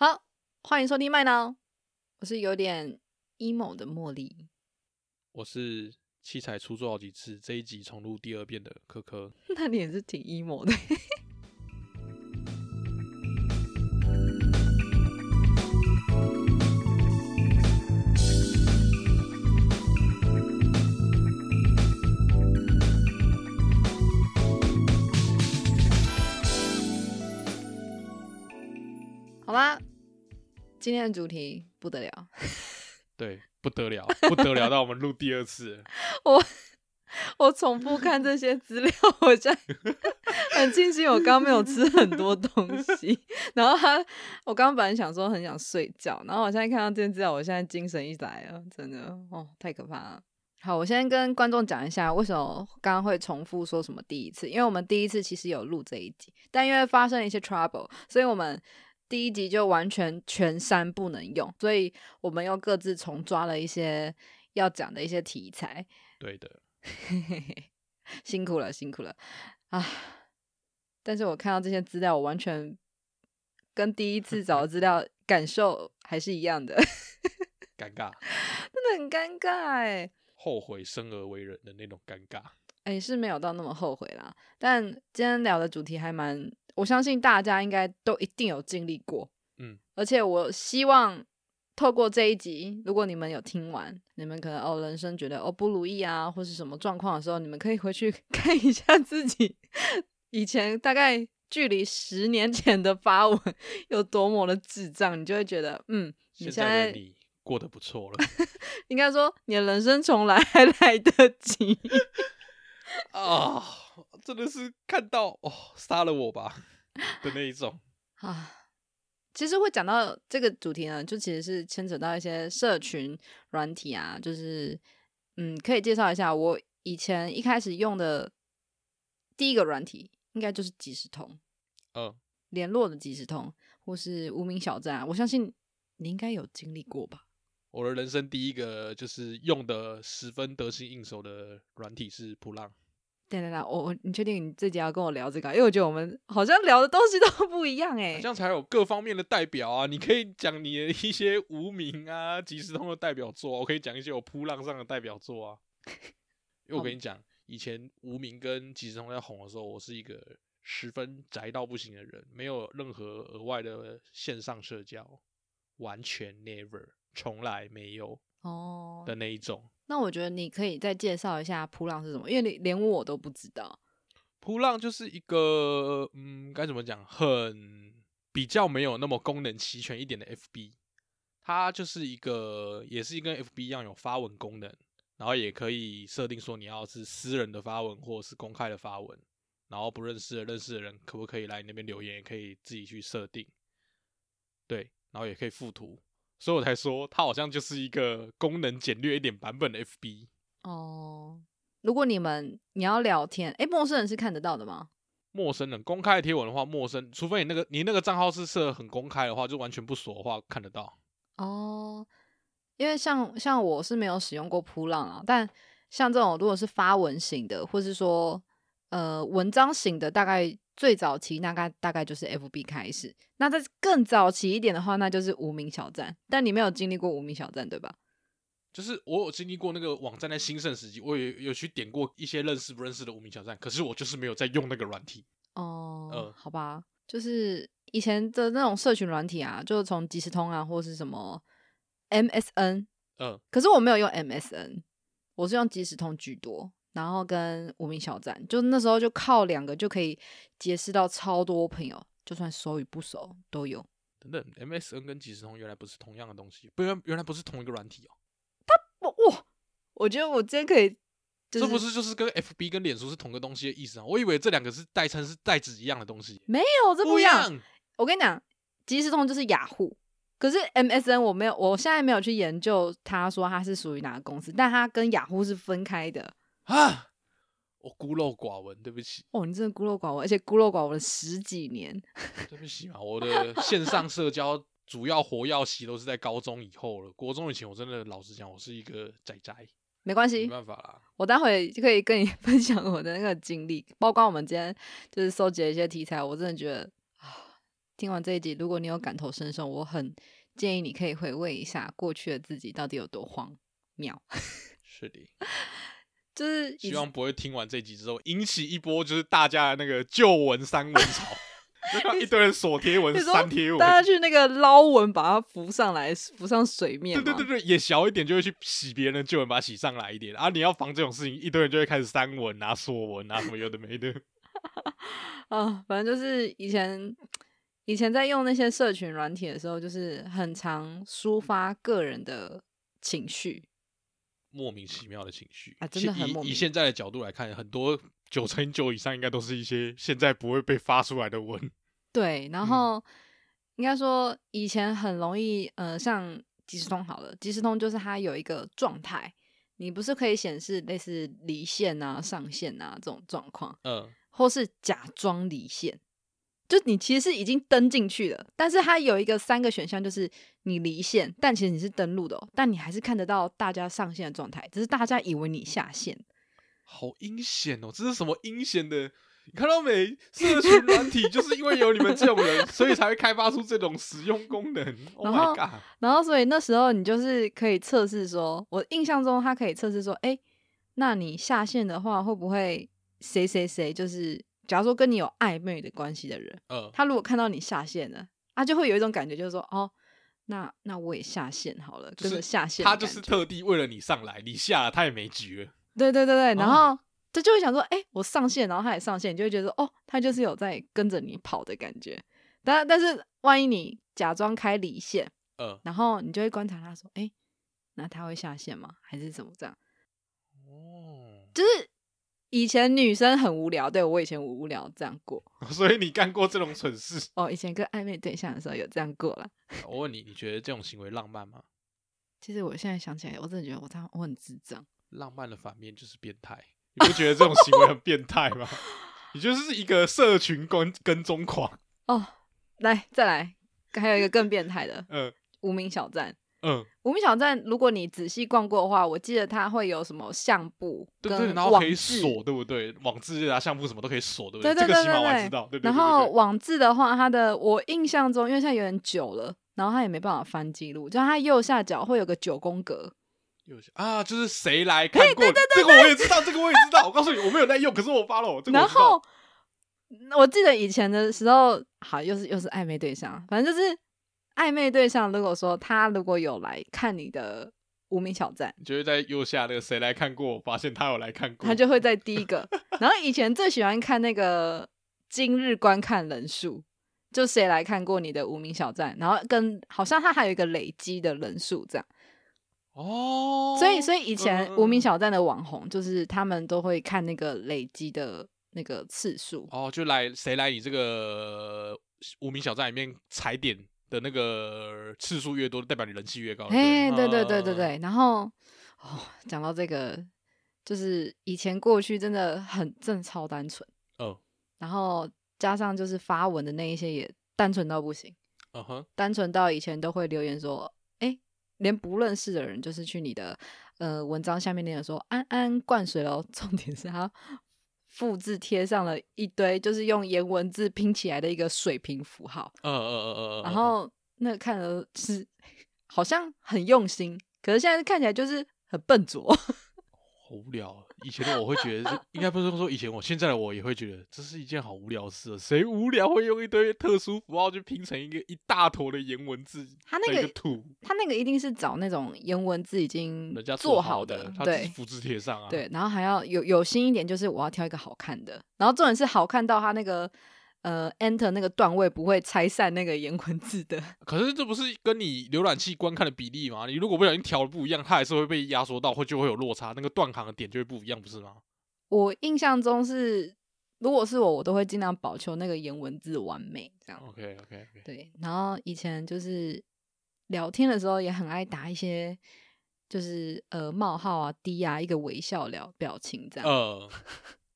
好，歡迎收聽麥鬧，我是有點 emo 的茉莉，我是器材出錯好幾次，這一集重錄第二遍的科科， 那你也是挺 emo 的， 好吧。今天的主題不得了， 對，不得了，不得了，到我們錄第二次， 我我重複看這些資料，我現在很慶幸我剛沒有吃很多東西，然後他，我剛剛本來想說很想睡覺，然後我現在看到這些資料，我現在精神一來了，真的，哦，太可怕了。好，我先跟觀眾講一下為什麼我剛剛會重複說什麼第一次，因為我們第一次其實有錄這一集，但因為發生一些 trouble，所以我們。第一集就完全全刪不能用，所以我們又各自重抓了一些要講的一些題材。對的， 辛苦了，辛苦了啊！但是我看到這些資料，我完全跟第一次找的資料感受還是一樣的， 尷尬， 真的很尷尬，後悔生而為人的那種尷尬。哎，是沒有到那麼後悔啦，但今天聊的主題還蠻我相信大家應該都一定有經歷過，嗯，而且我希望透過這一集，如果你們有聽完，你們可能哦人生覺得哦不如意啊，或是什麼狀況的時候，你們可以回去看一下自己以前大概距離十年前的發文有多麼的智障，你就會覺得嗯，你現在的你過得不錯了，應該說你的人生重來還來得及，哦真的是看到哦，殺了我吧的那一種啊！ 其實會講到這個主題呢，就其實是牽扯到一些社群軟體啊。就是嗯，可以介紹一下我以前一開始用的第一個軟體，應該就是即時通，嗯，聯絡的即時通，或是無名小站啊。我相信你應該有經歷過吧。我的人生第一個就是用的十分得心應手的軟體是噗浪。對對對，我我你確定你自己要跟我聊這個？因為我覺得我們好像聊的東西都不一樣誒、欸。這樣才有各方面的代表啊！你可以講你的一些無名啊、即時通的代表作，我可以講一些我噗浪上的代表作啊。 因為我跟你講， 以前無名跟即時通在紅的時候，我是一個十分宅到不行的人，沒有任何額外的線上社交，完全 never 從來沒有哦的那一種。哦那我覺得你可以再介紹一下噗浪是什麼，因為你連我都不知道。噗浪就是一個，嗯，該怎麼講，很比較沒有那麼功能齊全一點的 FB。它就是一個，也是跟 FB 一樣有發文功能，然後也可以設定說你要是私人的發文或者是公開的發文，然後不認識的認識的人可不可以來你那邊留言，也可以自己去設定，對，然後也可以附圖。所以我才說，它好像就是一個功能簡略一點版本的 FB。哦，如果你們你要聊天，哎、欸，陌生人是看得到的嗎？陌生人公開的貼文的話，陌生，除非你那個你那個賬號是設很公開的話，就完全不鎖的話看得到。哦，因為像像我是沒有使用過噗浪啊，但像這種如果是發文型的，或是說呃文章型的，大概。最早期大概大概就是 F B 開始，那在更早期一點的話，那就是無名小站。但你沒有經歷過無名小站，對吧？就是我有經歷過那個網站在興盛時期，我也有去點過一些認識不認識的無名小站，可是我就是沒有在用那個軟體。哦，嗯，嗯好吧，就是以前的那種社群軟體啊，就從即時通啊，或是什麼 M S N。嗯，可是我沒有用 M S N，我是用即時通居多。然後跟無名小站，就那時候就靠兩個就可以結識到超多朋友，就算熟與不熟都有。等等，MSN 跟即時通原來不是同樣的東西，不原原來不是同一個軟體哦。他，不，哇，我覺得我今天可以，就是、這不是就是跟 FB 跟臉書是同個東西的意思啊？我以為這兩個是代稱，是代指一樣的東西。沒有，這不一樣。不用。我跟你講，即時通就是雅虎，可是 MSN 我沒有，我現在沒有去研究，他說他是屬於哪個公司，但他跟雅虎是分開的。啊！我孤陋寡聞，對不起。哦，你真的孤陋寡聞，而且孤陋寡聞了十幾年。對不起嘛，我的線上社交主要活躍期都是在高中以後了， 國中以前我真的老實講，我是一個宅宅。沒關係，沒辦法啦，我待會就可以跟你分享我的那個經歷。包括我們今天就是蒐集了一些題材，我真的覺得啊，聽完這一集，如果你有感同身受，我很建議你可以回味一下過去的自己到底有多荒謬。是的。就是希望不會聽完這集之後引起一波就是大家的那個舊文刪文潮， 一堆人鎖貼文刪貼文，大家去那個撈文把它浮上來，浮上水面。對對對對，對，也小一點就會去洗別人舊文，把它洗上來一點。啊，你要防這種事情，一堆人就會開始刪文啊、鎖文啊什麼有的沒的。啊、 哦，反正就是以前以前在用那些社群軟體的時候，就是很常抒發個人的情緒。莫名其妙的情緒啊，真的很莫名，以以現在的角度來看，很多九成九以上應該都是一些現在不會被發出來的文。對，然後、嗯、應該說以前很容易，呃，像即時通好了，即時通就是它有一個狀態，你不是可以顯示類似離線啊、上線啊這種狀況，嗯、呃，或是假裝離線。就你其實是已經登進去了，但是它有一個三個選項，就是你離線，但其實你是登錄的哦，但你還是看得到大家上線的狀態，只是大家以為你下線。好陰險哦！這是什麼陰險的？你看到沒？社群軟體就是因為有你們這種人， 所以才會開發出這種使用功能。 Oh my God！然後，然後所以那時候你就是可以測試說我印象中它可以測試說，欸，那你下線的話會不會誰誰誰就是？假如說跟你有曖昧的關係的人，呃、他如果看到你下線了，他就會有一種感覺，就是說，哦，那那我也下線好了，就是、就是下線。他就是特地為了你上來，你下了他也沒局了。對對對對，然後他、嗯、就、就會想說，誒、欸，我上線，然後他也上線，你就會覺得，哦，他就是有在跟着你跑的感覺。但但是萬一你假裝開離線，呃、然後你就會觀察他說，誒、欸，那他會下線嗎？還是怎麼這樣？哦，就是。以前女生很無聊，對我以前無聊這樣過，所以你幹過這種蠢事哦？Oh, 以前跟曖昧對象的時候有這樣過啦。 我問你，你覺得這種行為浪漫嗎？其實我現在想起來，我真的覺得我這樣，我很智障。浪漫的反面就是變態，你不覺得這種行為很變態嗎？ 你就是一個社群跟跟蹤狂。哦、oh,，來再來，還有一個更變態的，嗯、呃，無名小站。嗯，無名小站，如果你仔細逛過的話，我記得它會有什麼相簿，對不對？然後可以鎖，對不對？網誌啊、相簿什麼都可以鎖，對不對？這個起碼我知道，對不對？然後網誌的話，它的我印象中，因為現在有點久了，然後它也沒辦法翻記錄，就它右下角會有個九宮格，右下啊，就是誰來看過？這個我也知道，這個我也知道。我告訴你，我沒有在用，可是我發了我。然後我記得以前的時候，好，又是又是曖昧對象，反正就是。曖昧對象，如果說他如果有來看你的無名小站，就會在右下那個誰來看過，發現他有來看過，他就會在第一個。 然後以前最喜歡看那個今日觀看人數，就誰來看過你的無名小站，然後跟好像他還有一個累積的人數這樣。哦，所以所以以前無名小站的網紅就是他們都會看那個累積的那個次數。哦，就來誰來你這個無名小站裡面踩點？的那個次數越多，代表你人氣越高。哎，對對對對對。然後，哦，講到這個，就是以前過去真的很正超單純。哦。然後加上就是發文的那一些也單純到不行。Uh huh、單純到以前都會留言說，哎、欸，連不認識的人就是去你的呃文章下面那個說安安灌水哦，重點是他。複製貼上了一堆，就是用顏文字拼起來的一個水平符號。嗯嗯嗯嗯，然後那個看着是好像很用心，可是現在看起來就是很笨拙。 好無聊，以前的我會覺得 應該不是說以前我，現在的我也會覺得這是一件好無聊的事。誰無聊會用一堆特殊符號去拼成一個一大坨的顏文字？他那個圖，他那個一定是找那種顏文字已經人家做好的，對，複製貼上啊。對，然後還要有有心一點，就是我要挑一個好看的。然後重點是好看到他那個。呃，Enter 那個段位不會拆散那個顏文字的。可是這不是跟你瀏覽器觀看的比例嗎？你如果不小心調的不一樣，它還是會被壓縮到，會就會有落差，那個斷行的點就會不一樣，不是嗎？我印象中是，如果是我，我都會儘量保求那個顏文字完美這樣。OK OK OK。對，然後以前就是聊天的時候也很愛打一些，就是呃冒號啊、D 啊，一個微笑聊表情這樣。呃、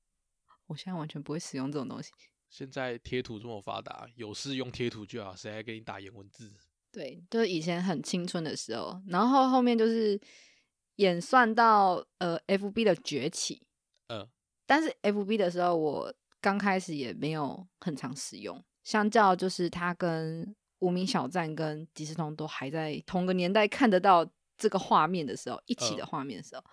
我現在完全不會使用這種東西。現在貼圖這麼發達，有事用貼圖就好，誰還給你打顏文字？對，就是以前很青春的時候，然後後面就是演算到呃，FB 的崛起。嗯，但是 FB 的時候，我剛開始也沒有很常使用。相較就是，他跟無名小站跟即時通都還在同個年代看得到這個畫面的時候，一起的畫面的時候，嗯，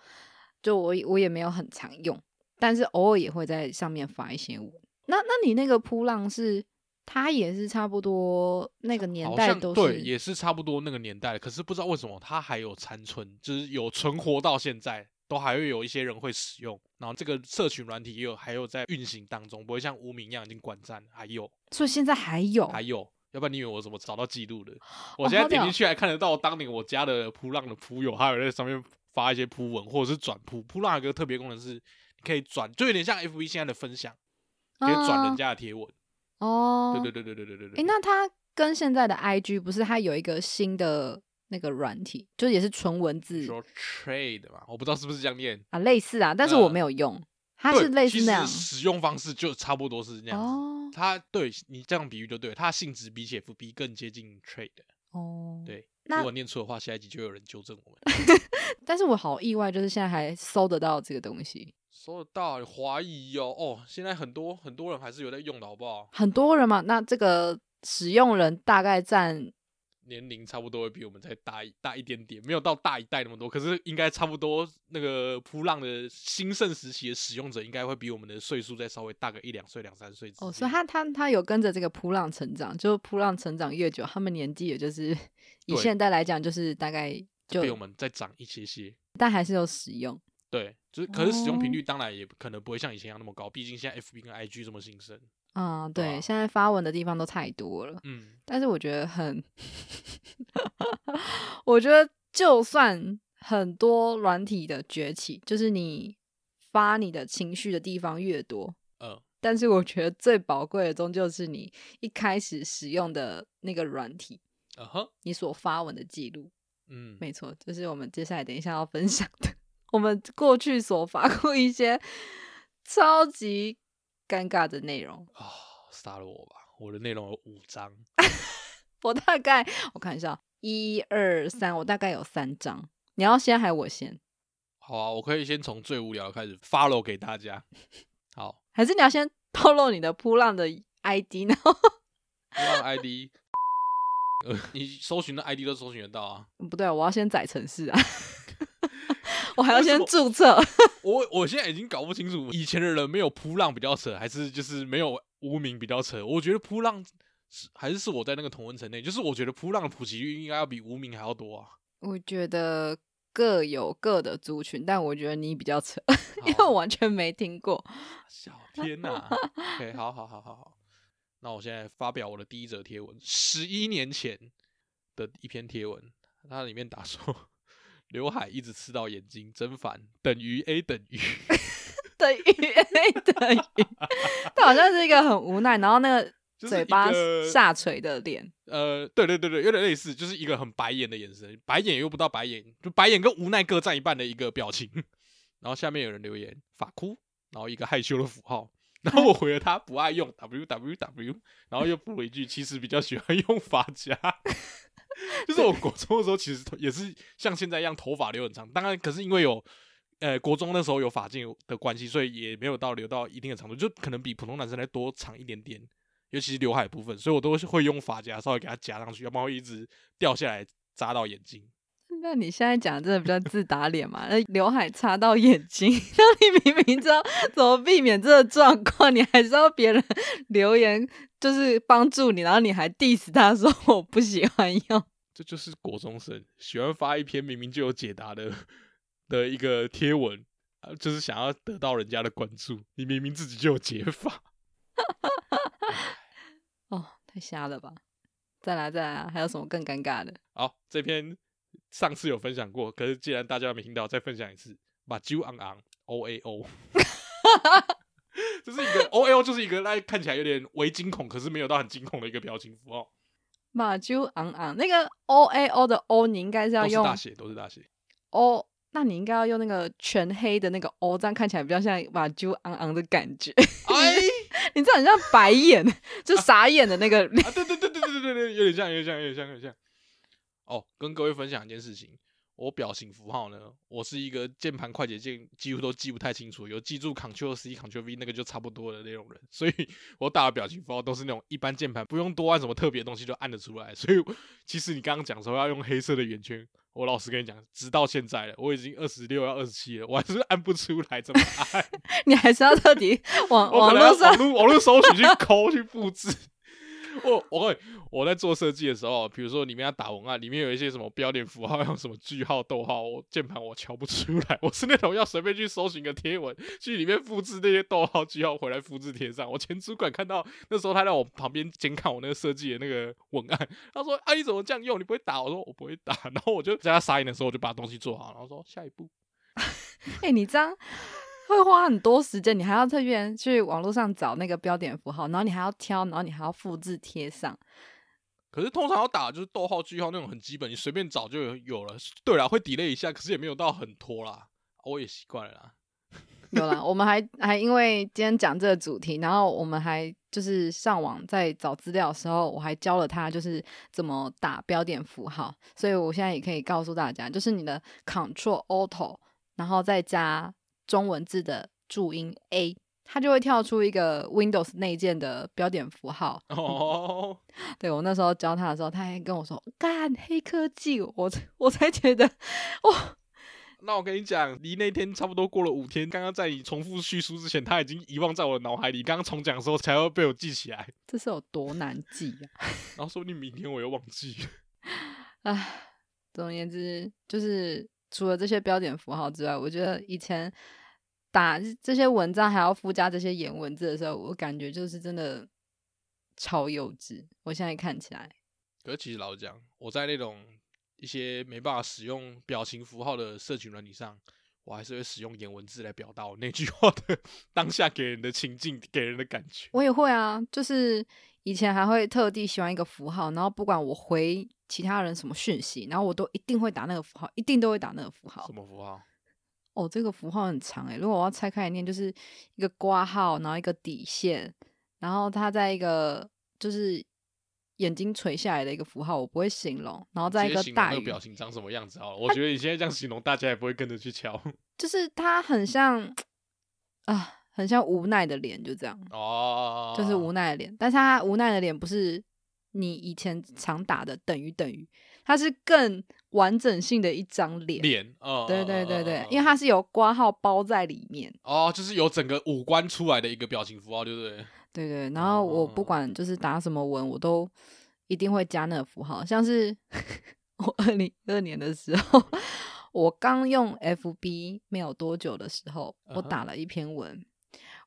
就我我也沒有很常用，但是偶爾也會在上面發一些文。那那你那個噗浪是，它也是差不多那個年代，都是對，也是差不多那個年代。可是不知道為什麼它還有殘存，就是有存活到現在，都還會有一些人會使用。然後這個社群軟體也有，還有在運行當中，不會像無名一樣已經關站還有，所以現在還有，還有，要不然你以為我怎麼找到記錄的？我現在點進去還看得到當年我家的噗浪的噗友，還有在上面發一些噗文，或者是轉噗，噗浪有個特別功能是，你可以轉，就有點像 FB 現在的分享。可以轉人家的貼文哦，對對對對對對對對，對，對、嗯欸。那它跟現在的 IG 不是，它有一個新的那個軟體，就是也是純文字。說 Trade 嘛，我不知道是不是這樣念啊，類似啊，但是我沒有用，它、呃、是類似那樣。使用方式就差不多是這樣子。哦，它對你這樣比喻就對，它的性質比起 FB 更接近 Trade。哦，對，那如果念錯的話，下一集就有人糾正我們。 但是我好意外，就是現在還搜得到這個東西。收到，懷疑喲哦，哦，現在很多很多人還是有在用的好不好？很多人嘛，那這個使用人大概占年齡差不多會比我們再大一大一點點，沒有到大一代那麼多，可是應該差不多。那個撲浪的興盛時期的使用者，應該會比我們的歲數再稍微大個一兩歲、兩三歲。哦，所以他他他有跟着這個撲浪成長，就撲浪成長越久，他們年紀也就是對以現在來講，就是大概就比我們再長一些些，但還是有使用。對。就是，可是使用頻率當然也可能不會像以前一樣那麼高，畢竟現在 F B 跟 I G 這麼興盛。啊、嗯，對，啊、現在發文的地方都太多了。嗯，但是我覺得很， 我覺得就算很多軟體的崛起，就是你發你的情緒的地方越多，嗯、但是我覺得最寶貴的終究是你一開始使用的那個軟體，uh huh、你所發文的記錄。嗯，沒錯，就是我們接下來等一下要分享的。我們過去所发過一些超級尷尬的內容哦殺了我吧！我的內容有五張， 我大概我看一下，一二三，我大概有三張。你要先還是我先？好啊，我可以先從最無聊開始發露給大家。好， 還是你要先透露你的噗浪的 ID 呢？噗浪 ID， 你搜尋的 ID 都搜尋得到啊？不對、啊，我要先載程式啊。我還要先註冊。我我現在已經搞不清楚，以前的人沒有噗浪比較扯，還是就是沒有無名比較扯？我覺得噗浪還是是我在那個同溫層內，就是我覺得噗浪的普及率應該要比無名還要多啊。我覺得各有各的族群，但我覺得你比較扯，好，因為我完全沒聽過。小天吶、啊、 ，OK，好好好好好，那我現在發表我的第一則貼文，十一年前的一篇貼文，它裡面打說。劉海一直吃到眼睛，真煩。等於 A 等於 等於 A 等於， 他好像是一個很無奈，然後那個嘴巴下垂的臉。呃，對對對對，有點類似，就是一個很白眼的眼神，白眼又不到白眼，就白眼跟無奈各占一半的一個表情。然後下面有人留言發哭，然後一個害羞的符號，然後我回了他不愛用 www，然後又補了一句其實比較喜歡用髮夾。 就是我國中的時候，其實也是像現在一樣，頭髮留很長。當然，可是因為有，呃，國中那時候有髮禁的關係，所以也沒有到留到一定的長度，就可能比普通男生再多長一點點，尤其是劉海部分，所以我都是會用髮夾稍微給它夾上去，要不然會一直掉下來扎到眼睛。那你現在講真的比較自打臉嘛？那劉 海擦到眼睛， 那你明明知道怎麼避免這個狀況， 你還知道別人留言就是幫助你，然後你還 diss 他說我不喜歡用，這就是國中生喜歡發一篇明明就有解答的的一個貼文，就是想要得到人家的關注。你明明自己就有解法， 嗯、哦，太瞎了吧！再來，再來，還有什麼更尷尬的？好，這篇。上次有分享過，可是既然大家有沒有聽到，再分享一次。馬啾昂昂 O A O， 這是一個 O、A、O，就是一個那看起來有點微驚恐，可是沒有到很驚恐的一個表情符號。馬啾昂昂，那個 O A O 的 O，你應該是要用都是大寫，都是大寫。哦，那你應該要用那個全黑的那個 O，這樣看起來比較像馬啾昂昂的感覺。哎 你，你這很像白眼，啊、就傻眼的那個。對對、啊、對對對對對，有點像，有點像，有點像，有點像。哦，跟各位分享一件事情，我表情符號呢，我是一個鍵盤快捷鍵幾乎都記不太清楚，有記住 Ctrl+C、Ctrl+V 那個就差不多的那種人，所以我打的表情符號都是那種一般鍵盤不用多按什麼特別的東西就按得出來。所以其實你剛剛講說要用黑色的圓圈，我老實跟你講，直到現在了，我已經二十六要二十七了，我還是按不出來，怎麼按？ 你還是要徹底網網絡搜，網絡搜取去摳去複制。 我我、OK, 我在做設計的時候，比如說裡面要打文案，裡面有一些什麼標點符號，用什麼句號、逗號，鍵盤我敲不出來，我是那種要隨便去搜尋個貼文，去裡面複製那些逗號、句號回來複製貼上。我前主管看到那時候他在我旁邊監看我那個設計的那個文案，他說：“啊，你怎麼這樣用？你不會打？”我說：“我不會打。”然後我就在他撒眼的時候，我就把東西做好，然後說：“下一步。”哎、 欸，你這樣。會花很多時間，你還要特別去網絡上找那個標點符號，然後你還要挑，然後你還要複製貼上。可是通常要打就是逗號句號那種很基本，你隨便找就有有了。對啦，會 delay 一下，可是也沒有到很拖啦，我也習慣了啦。有啦，我們還還因為今天講這個主題， 然後我們還就是上網在找資料的時候，我還教了他就是怎麼打標點符號，所以我現在也可以告訴大家，就是你的 Control Auto，然後再加。中文字的注音 A，它就會跳出一個 Windows 內建的標點符號哦。 對我那時候教他的時候，他還跟我說：“幹黑科技！”我我才覺得哇。我 那我跟你講，離那天差不多過了五天，剛剛在你重複敘述之前，他已經遺忘在我的腦海裡。剛剛重講的時候，才會被我記起來。 這是有多難記啊！ 然後說不定明天我又忘記。哎、 啊，總而言之，就是除了這些標點符號之外，我覺得以前。打這些文章還要附加這些顏文字的時候，我感覺就是真的超幼稚。我現在看起來，可是其實老實講，我在那種一些沒辦法使用表情符號的社群軟體上，我還是會使用顏文字來表達我那句話的當下給人的情境、給人的感覺。我也會啊，就是以前還會特地喜歡一個符號，然後不管我回其他人什麼訊息，然後我都一定會打那個符號，一定都會打那個符號。什麼符號？哦，這個符號很長哎、欸。如果我要拆開來念，就是一個括號，然後一個底線，然後他在一個就是眼睛垂下來的一個符號，我不會形容。然後在一個大個表情長什麼樣子好了？好他，我覺得你現在這樣形容，大家也不會跟着去敲。就是他很像 啊，很像無奈的臉，就這樣哦，就是無奈的臉。但是他無奈的臉不是你以前常打的等於等於，他是更。完整性的一張臉，臉、哦，啊，對對對對，哦哦、因為它是有括號包在裡面哦，就是有整個五官出來的一個表情符號，對不對？對對，然後我不管就是打什麼文，我都一定會加那個符號，像是 我二零二二年的時候，我剛用 FB 沒有多久的時候，我打了一篇文，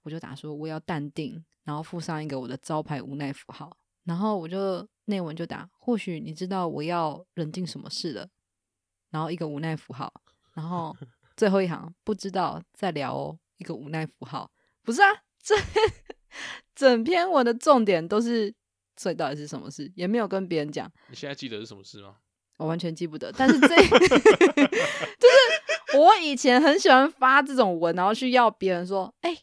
我就打說我要淡定，然後附上一個我的招牌無奈符號，然後我就。內文就答，或許你知道我要認定什麼事了，然後一個無奈符號，然後最後一行不知道再聊哦，一個無奈符號，不是啊，這整篇文的重點都是所以到底是什麼事，也沒有跟別人講。你現在記得是什麼事嗎？我完全記不得，但是這 就是我以前很喜歡發這種文，然後去要別人說，哎、欸。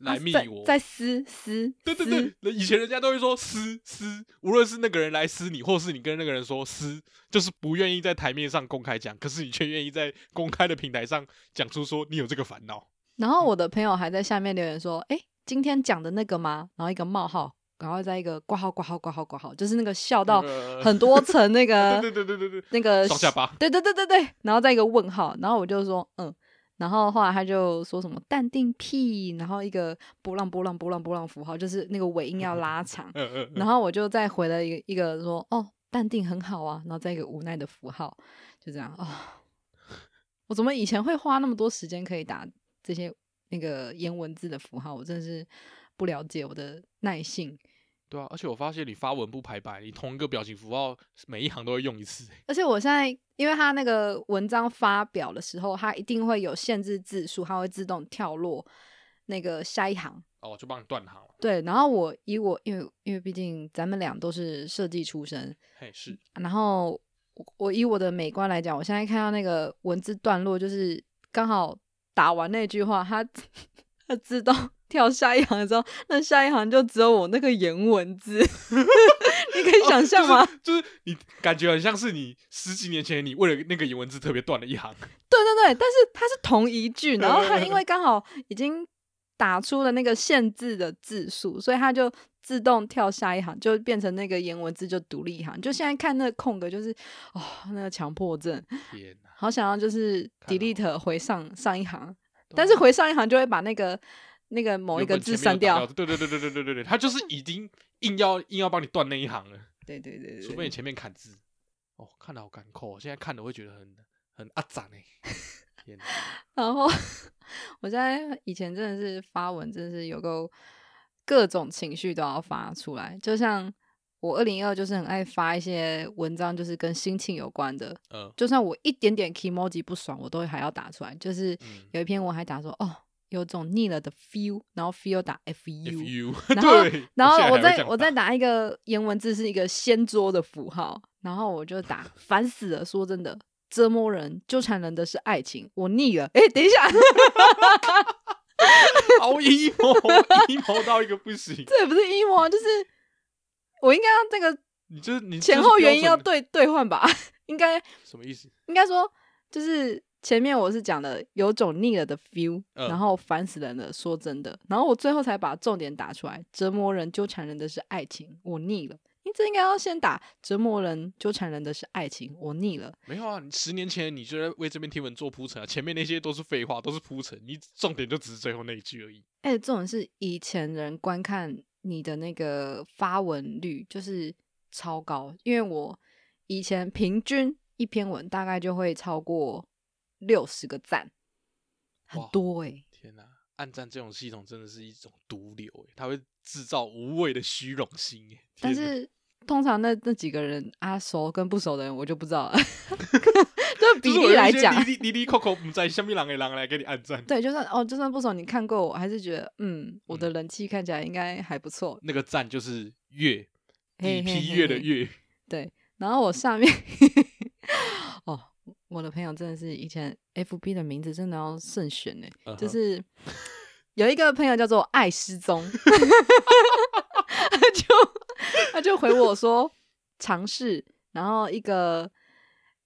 來密我，在私私，對對對，私，以前人家都會說私私，無論是那個人來私你，或是你跟那個人說私，就是不願意在台面上公開講，可是你卻願意在公開的平台上講出說你有這個煩惱。然後我的朋友還在下面留言說：“哎、嗯，今天講的那個嗎？”然後一個冒號，然後再一個掛號掛號掛號掛號，就是那個笑到很多層那個，對對對對對對，那個雙下巴，對對對對對，然後再一個問號，然後我就說嗯。然後後來他就說什麼淡定屁，然後一個波浪波浪波浪波浪符號，就是那個尾音要拉長。 然後我就再回了一個一個說哦，淡定很好啊，然後再一個無奈的符號，就這樣啊、哦。我怎麼以前會花那麼多時間可以打這些那個顏文字的符號？我真的是不了解我的耐性。對啊，而且我發現你發文不排版，你同一個表情符號每一行都會用一次耶。而且我現在。因為他那個文章發表的時候，他一定會有限制字數，它會自動跳落那個下一行。哦，我就幫你斷行了。對，然後我以我因為因為畢竟咱們倆都是設計出身，嘿，是。嗯。然後我，我以我的美觀來講，我現在看到那個文字段落，就是剛好打完那句話，它它自動跳下一行的時候，那下一行就只有我那個顏文字。 你可以想象嗎？哦，就是，就是你感覺很像是你十幾年前，你為了那個顏文字特別斷了一行。 對對對，但是它是同一句，然後它因為剛好已經打出了那個限制的字數，所以它就自動跳下一行，就變成那個顏文字就獨立一行。就現在看那個空格，就是哦，那個強迫症，天哪好想要就是 delete 回上我上一行，但是回上一行就會把那個那個某一個字刪掉。對對對對對對對對，它就是已經。 硬要硬要幫你斷那一行了，對對對，除非你前面砍字，哦，看的好乾枯，哦，現在看的會覺得很很阿展哎、欸。 哪然後，我在以前真的是發文，真的是有夠各種情緒都要發出來，就像我2012就是很愛發一些文章，就是跟心情有關的。呃、就算我一點點 emoji 不爽，我都還要打出來。就是有一篇我還打說，嗯、哦。有種膩了的 feel，然後 feel 打 f u，f u 然後對然後我再我再打，打一個顏文字，是一個掀桌的符號，然後我就打煩 死了，說真的，折磨人、糾纏人的是愛情，我膩了。哎、欸，等一下，emo emo 到一個不行，這也不是 emo，就是我應該讓這個，就是你前後原因要對對換吧？應該什麼意思？應該說就是。前面我是講的有種膩了的 feel，呃，然後煩死人了，說真的，然後我最後才把重點打出來，折磨人、糾纏人的是愛情，我膩了。你這應該要先打折磨人、糾纏人的是愛情，我膩了。沒有啊，你十年前你就在為這篇貼文做鋪陳啊，前面那些都是廢話，都是鋪陳，你重點就只是最後那一句而已。哎，這種是以前人觀看你的那個發文率就是超高，因為我以前平均一篇文大概就會超過。六十個贊，哇很多哎、欸！天哪，按讚這種系統真的是一種毒瘤哎、欸，它會製造無謂的虛榮心哎、欸。但是通常那那幾個人啊，熟跟不熟的人我就不知道了。 就比例來講，滴滴滴滴扣扣，不知道什麼人來給你按讚。對，就算哦，就算不熟，你看過我還是覺得嗯，我的人氣看起來應該還不錯、嗯。那個贊就是月，第一批月的月。對，然後我下面。 我的朋友真的是以前 FB 的名字真的要慎選呢、欸，uh huh. 就是有一個朋友叫做“愛失蹤”， 他就他就回我說嘗試， 然後一個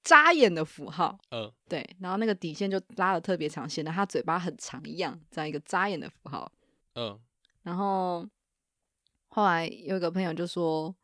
眨眼的符號，嗯、uh，huh. 對，然後那個底線就拉得特別長線，顯得他嘴巴很長一樣，這樣一個眨眼的符號，嗯、uh，huh. 然後後來有一個朋友就說，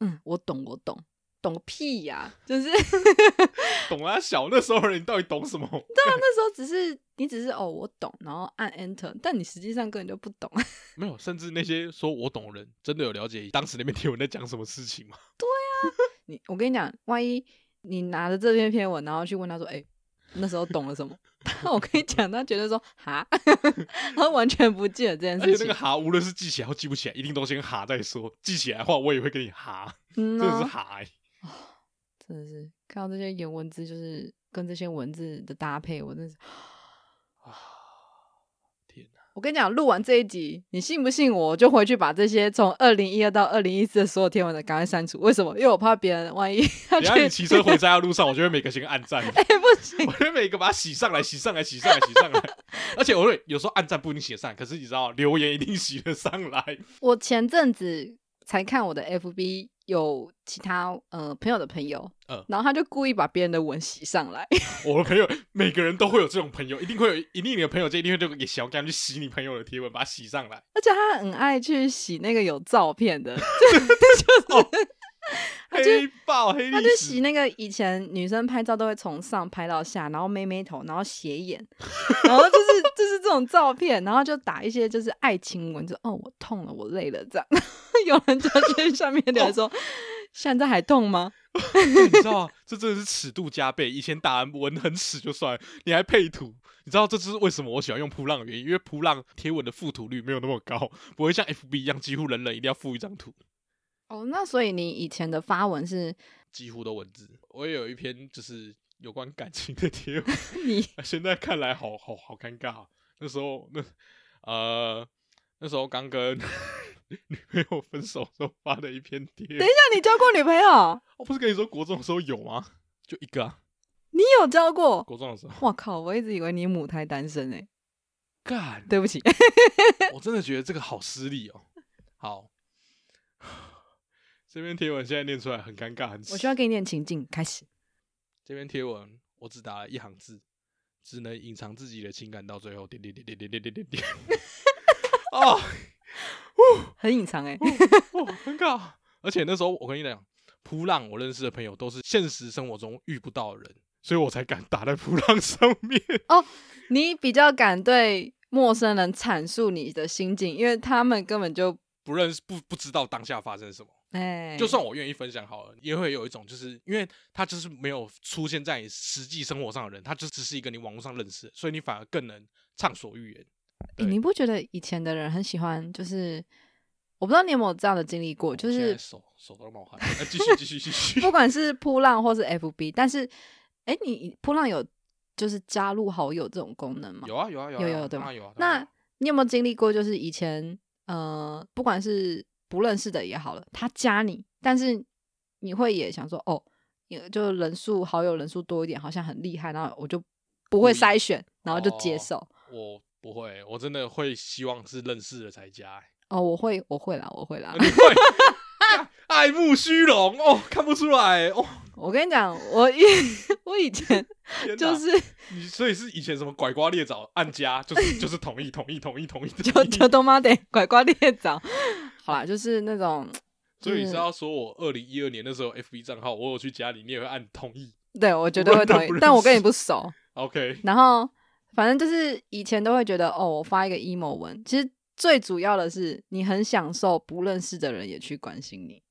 嗯，我懂，我懂。懂個屁呀、啊！就是 懂啊小，小那時候人你到底懂什麼？對啊，那時候只是你只是哦，我懂，然後按 Enter，但你實際上根本就不懂。沒有，甚至那些說我懂的人，真的有了解當時那篇貼文在講什麼事情嗎？對啊，你我跟你講，萬一你拿着這篇篇文，然後去問他說，哎、欸，那時候懂了什麼？ 我跟你講，他覺得說，哈， 他完全不記得這件事情。而且那個哈，無論是記起來或記不起來，一定都先哈再說。記起來的話，我也會跟你哈，嗯哦、真的是哈、欸。啊，真的是看到這些顏文字，就是跟這些文字的搭配，我真的是啊，天哪我跟你講，錄完這一集，你信不信我，我就回去把這些從二零一二到二零一四的所有天文的趕快刪除？為什麼？因為我怕別人萬一只要你騎車回家的路上，我就會每個先按讚、 欸，不行，我就會每個把它洗上來，洗上來，洗上來，洗上來。上來 而且我會有時候按讚不一定洗上，可是你知道留言一定洗得上來。我前陣子。才看我的 FB 有其他呃朋友的朋友，呃，然後他就故意把別人的文洗上來。我的朋友 每個人都會有這種朋友，一定會有，一定你的朋友，就一定會就給小剛去洗你朋友的貼文，把它洗上來。而且他很愛去洗那個有照片的， 就，就是， 哦。他就黑黑他就洗那個以前女生拍照都會從上拍到下，然後妹妹頭，然後斜眼，然後就是 就是這種照片，然後就打一些就是愛情文字，哦，我痛了，我累了這樣。 有人在上面留說： 哦、 現在還痛嗎？ 欸、你知道這真的是尺度加倍。以前打文很屎就算了，你還配圖？你知道這就是為什麼我喜歡用噗浪的原因，因為噗浪貼文的附圖率沒有那麼高，不會像 FB 一樣幾乎人人一定要附一張圖。哦，oh, 那所以你以前的發文是幾乎的文字，我也有一篇就是有關感情的貼 你現在看來好好好尷尬，啊、那時候那呃那時候剛跟 女朋友分手時候發的一篇貼，等一下，你交過女朋友？我、哦、不是跟你說國中的時候有嗎？就一個、啊、你有交過國中的時候？哇靠！我一直以為你母胎單身哎、欸，幹幹對不起， 我真的覺得這個好失禮哦，好。這篇貼文現在念出來很尷尬，很尬。我需要給你念情境開始。這篇貼文我只打了一行字，只能隱藏自己的情感到最後。點點點點點點點點。啊， 哦，很隱藏哎、欸，很尬 而且那時候我跟你講，噗浪我認識的朋友都是現實生活中遇不到的人，所以我才敢打在噗浪上面。哦，你比較敢對陌生人闡述你的心境，因為他們根本就不認識，不不知道當下發生什麼。哎，欸、就算我願意分享好了，也會有一種，就是因為他就是沒有出現在你實際生活上的人，他就只是一個你網絡上認識，所以你反而更能暢所欲言。哎、欸，你不覺得以前的人很喜歡？就是我不知道你有沒有這樣的經歷過，就是手手都冒汗。繼續繼續繼續，續續 不管是撲浪或是 FB，但是哎、欸，你撲浪有就是加入好友這種功能嗎？有啊有啊有有有，對嗎？有啊。那你有沒有經歷過？就是以前呃，不管是。不認識的也好了，他加你，但是你會也想說哦，就人數好友人數多一點，好像很厲害，然後我就不會篩選，會然後就接受、哦。我不會，我真的會希望是認識的才加、欸。哦，我會，我會啦，我會啦，你會 愛慕虛榮哦，看不出來、欸、哦。我跟你講，我以我以前、啊、就是所以是以前什麼拐瓜裂棗按加，就是就是同意同意同意同意，同意同意同意就就他媽的拐瓜裂棗。好啦，就是那種。就是、所以你是要說我二零一二年那時候 FB 賬號，我有去加你，你也會按同意？對，我絕對會同意，但我跟你不熟。OK，然後反正就是以前都會覺得哦，我發一個 emo 文，其實最主要的是你很享受不認識的人也去關心你。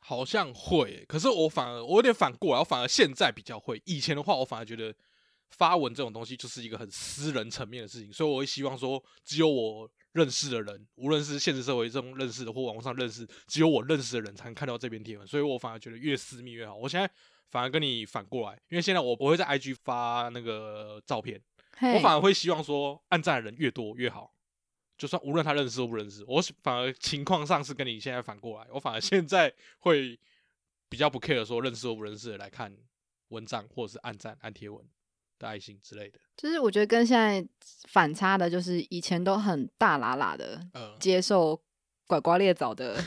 好像會、欸，可是我反而我有點反過來，我反而現在比較會。以前的話，我反而覺得發文這種東西就是一個很私人層面的事情，所以我會希望說只有我。認識的人，無論是現實社會中認識的，或網絡上認識，只有我認識的人才能看到這篇貼文，所以我反而覺得越私密越好。我現在反而跟你反過來，因為現在我不會在 IG 發那個照片，Hey. 我反而會希望說按讚的人越多越好，就算無論他認識或不認識，我反而情況上是跟你現在反過來，我反而現在會比較不 care 說認識或不認識的來看文章或者是按讚按貼文。的愛心之類的，就是我覺得跟現在反差的，就是以前都很大喇喇的接受拐瓜裂棗的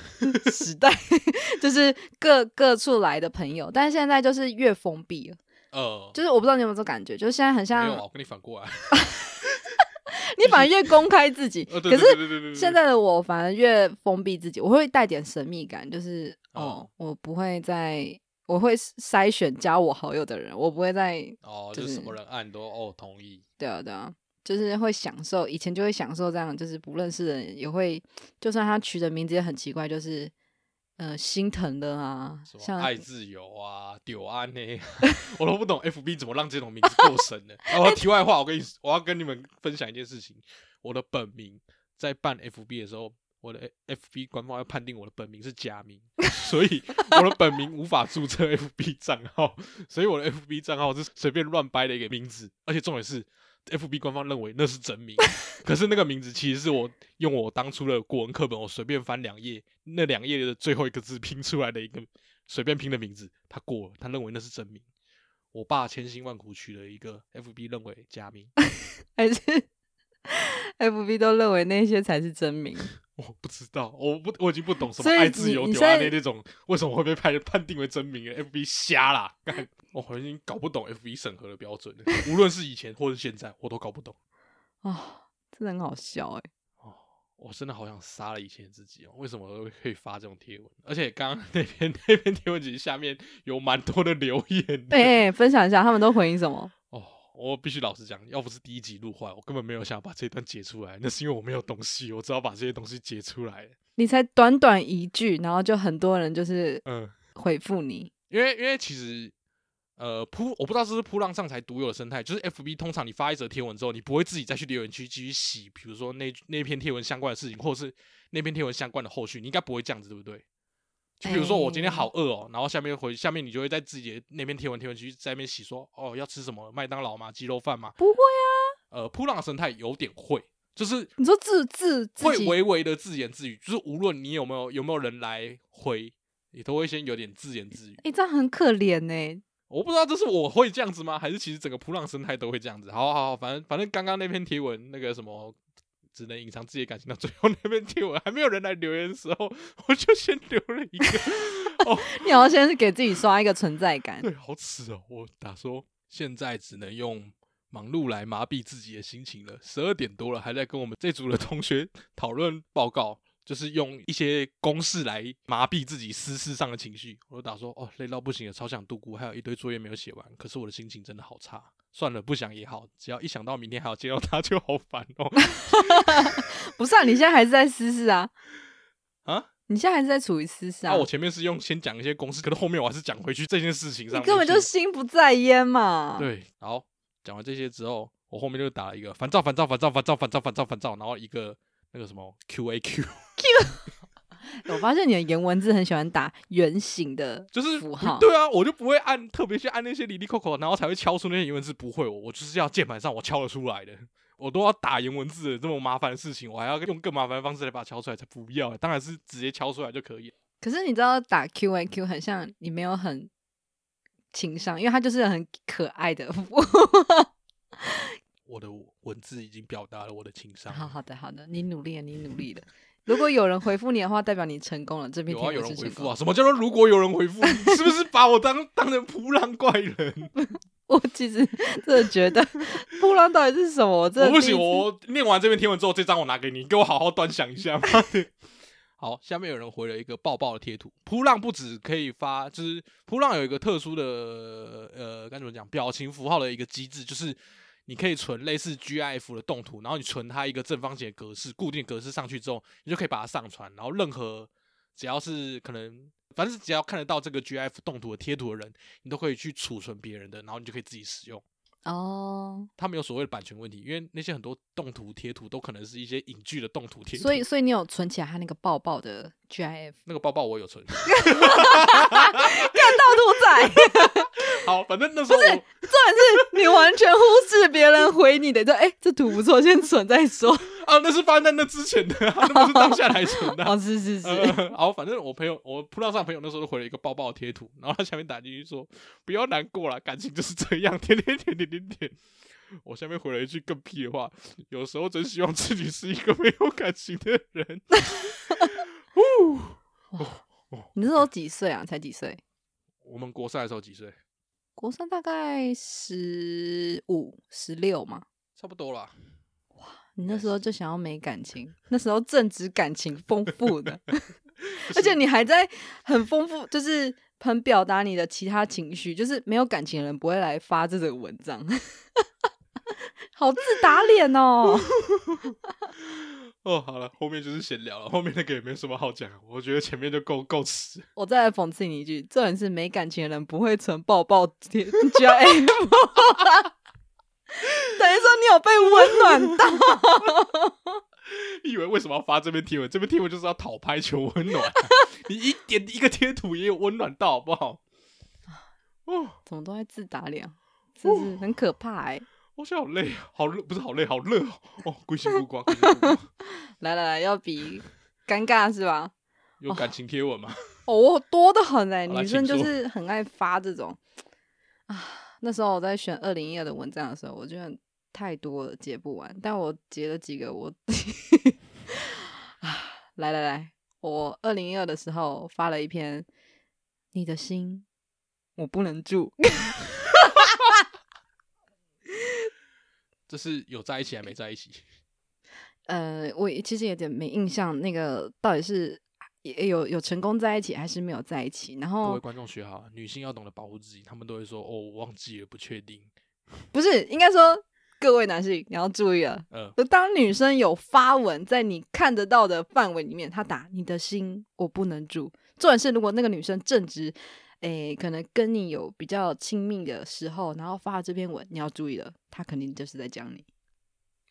時代，嗯， 就是各各處來的朋友，但是現在就是越封閉了。嗯、就是我不知道你有沒有這感覺，就是現在很像我跟你反過來， 你反而越公開自己， 可是現在的我反而越封閉自己，我會帶點神秘感，就是哦，嗯、我不會再。我會篩選加我好友的人，我不會再、就是、哦，就是什麼人按都哦同意。對啊對啊，就是會享受，以前就會享受這樣，就是不認識的人也會，就算他取的名字也很奇怪，就是嗯、呃、心疼的啊，什麼，像愛自由啊丟安呢， 我都不懂 FB 怎麼讓這種名字過審的。哦， 題外話，我跟你我要跟你們分享一件事情，我的本名在辦 FB 的時候。我的 F B 官方要判定我的本名是假名，所以我的本名無法注冊 F B 賬號，所以我的 F B 賬號是隨便亂掰的一個名字，而且重點是 F B 官方認為那是真名， 可是那個名字其實是我用我當初的國文課本，我隨便翻兩頁，那兩頁的最後一個字拼出來的一個隨便拼的名字，他過了，他認為那是真名。我爸千辛萬苦取了一個 F B 認為假名， 還是。 F B 都認為那些才是真名，我不知道，我不我已經不懂什麼愛自由、丟阿的那種，為什麼會被判判定為真名？F B 瞎啦，我好像搞不懂 F B 審核的標準， 無論是以前或者現在，我都搞不懂。哦、真的很好笑哎、欸哦！我真的好想殺了以前自己哦！為什麼可以發這種貼文？而且剛剛那篇那篇貼文其實下面有蠻多的留言的，哎、欸，分享一下，他們都回應什麼？哦。我必須老實講，要不是第一集錄壞，我根本沒有想要把這一段截出來。那是因為我沒有東西，我只好把這些東西截出來。你才短短一句，然後就很多人就是回嗯，回覆你，因為因為其實呃噗我不知道是不是噗浪上才獨有的生態，就是 FB 通常你發一則貼文之後，你不會自己再去留言區繼續洗，比如說那那篇貼文相關的事情，或者是那篇貼文相關的後續，你應該不會這樣子，對不對？就比如說我今天好餓哦，欸、然後下面回下面你就會在自己的那篇貼文貼文去在那邊寫說哦，要吃什麼，麥當勞嗎？雞肉飯嗎？嗎不會啊，呃，噗浪生態有點會，就是你說自自會微微的自言自語，就是無論你有沒有有沒有人來回，你都會先有點自言自語。哎、欸，這樣很可憐呢。我不知道這是我會這樣子嗎？還是其實整個噗浪生態都會這樣子？好好好，反正反正剛剛那篇貼文那個什麼。只能隱藏自己的感情，到最後那篇貼文還沒有人來留言的時候，我就先留了一個。 哦、 你好像先是給自己刷一個存在感。對，好恥哦！我打說，現在只能用忙碌來麻痹自己的心情了。十二點多了，還在跟我們這組的同學討論報告。就是用一些公事來麻痹自己私事上的情緒。我就打說，哦，累到不行了，超想度過。還有一堆作業沒有寫完。可是我的心情真的好差，算了，不想也好。只要一想到明天還要見到他，就好煩哦、喔。 不是啊，你現在還是在私事啊？啊，你現在還是在處於私事啊,啊？我前面是用先講一些公事，可是後面我還是講回去這件事情上。你根本就心不在焉嘛。對，然後講完這些之後，我後面就打了一個煩躁、煩躁、煩躁、煩躁、煩躁、煩躁、煩躁，然後一個。那個什麼 Q A Q Q， 我發現你的顏文字很喜歡打圓形的，就是符號。對啊，我就不會按，特別去按那些哩哩扣扣，然後才會敲出那些顏文字。不會，我我就是要鍵盤上我敲得出來的，我都要打顏文字這麼麻煩的事情，我還要用更麻煩的方式來把它敲出來？才不要。當然是直接敲出來就可以了。可是你知道打 Q A Q 很像，你沒有很情商，因為它就是很可愛的。 我的文字已經表達了我的情商。好好的，好的，你努力了，你努力了。 如果有人回覆你的話，代表你成功了。這邊有,、啊、有人回覆啊？什麼叫做如果有人回覆？哦、 是不是把我當當成噗浪怪人？ 我其實真的覺得噗 浪到底是什麼？這個、我不行，我念完這篇貼文之後，這張我拿給你，給我好好端詳一下 好，下面有人回了一個抱抱的貼圖。噗浪不只可以發，就是噗浪有一個特殊的，呃，該怎麼講？表情符號的一個機制，就是。你可以存類似 GIF 的動圖，然後你存它一個正方形的格式、固定格式上去之後，你就可以把它上傳。然後任何，只要是可能，反正是只要看得到這個 GIF 動圖的貼圖的人，你都可以去儲存別人的，然後你就可以自己使用。哦，他、oh. 沒有所謂的版權問題，因為那些很多動圖貼圖都可能是一些影劇的動圖貼圖，所以所以你有存起來他那個抱抱的 GIF，那個抱抱我有存起來， 看到土兔仔， 好，反正那時候不是，重點是你完全忽視別人回你的，說哎、欸，這圖不錯，先存再說。啊，那是發生在那之前的，啊，那不是當下來存的，啊。Oh, 啊，哦，是是是，呃。好，反正我朋友，我噗浪上朋友那時候回了一個抱抱貼圖，然後他下面打進去說：“不要難過啦，感情就是這樣，點點點點點點。”我下面回了一句更屁的話：“有時候真希望自己是一個沒有感情的人。 呼”哈哈哈哈哈。哦，你那時候幾歲啊？才幾歲？我們國三的時候幾歲？國三大概十五、十六嘛，差不多啦。你那時候就想要沒感情，是那時候正值感情豐富的， 是而且你還在很豐富，就是很表達你的其他情緒。就是沒有感情的人不會來發這個文章， 好自打臉哦、喔。 哦，好了，後面就是閒聊了，後面那個也沒什麼好講，我覺得前面就夠夠吃。我再來諷刺你一句，這人是沒感情的人不會存抱抱貼加 A。等於說你有被溫暖到？你以為為什麼要發這篇貼文？這篇貼文就是要討拍求溫暖。你一點一個貼圖也有溫暖到，好不好？哦，怎麼都在自打臉？真是很可怕哎！我現在好累啊，好熱，不是好累，好熱哦。鬼歸心不光。來來來，要比尷尬是吧？有感情貼文嗎？哦，多得很哎，女生就是很愛發這種那時候我在選二零一二的文章的時候，我覺得太多了，截不完。但我截了幾個，我 來來來，我二零一二的時候發了一篇，你的心我不能住， 這是有在一起還沒在一起？呃，我其實有點沒印象，那個到底是。也有有成功在一起，還是沒有在一起？然後各位觀眾學好，女性要懂得保護自己。他們都會說：“哦，我忘記了，不確定。”不是，應該說各位男性你要注意了。嗯、呃。當女生有發文在你看得到的範圍裡面，她打“你的心我不能住”，重點是，如果那個女生正直，誒、欸，可能跟你有比較親密的時候，然後發了這篇文，你要注意了，她肯定就是在講你，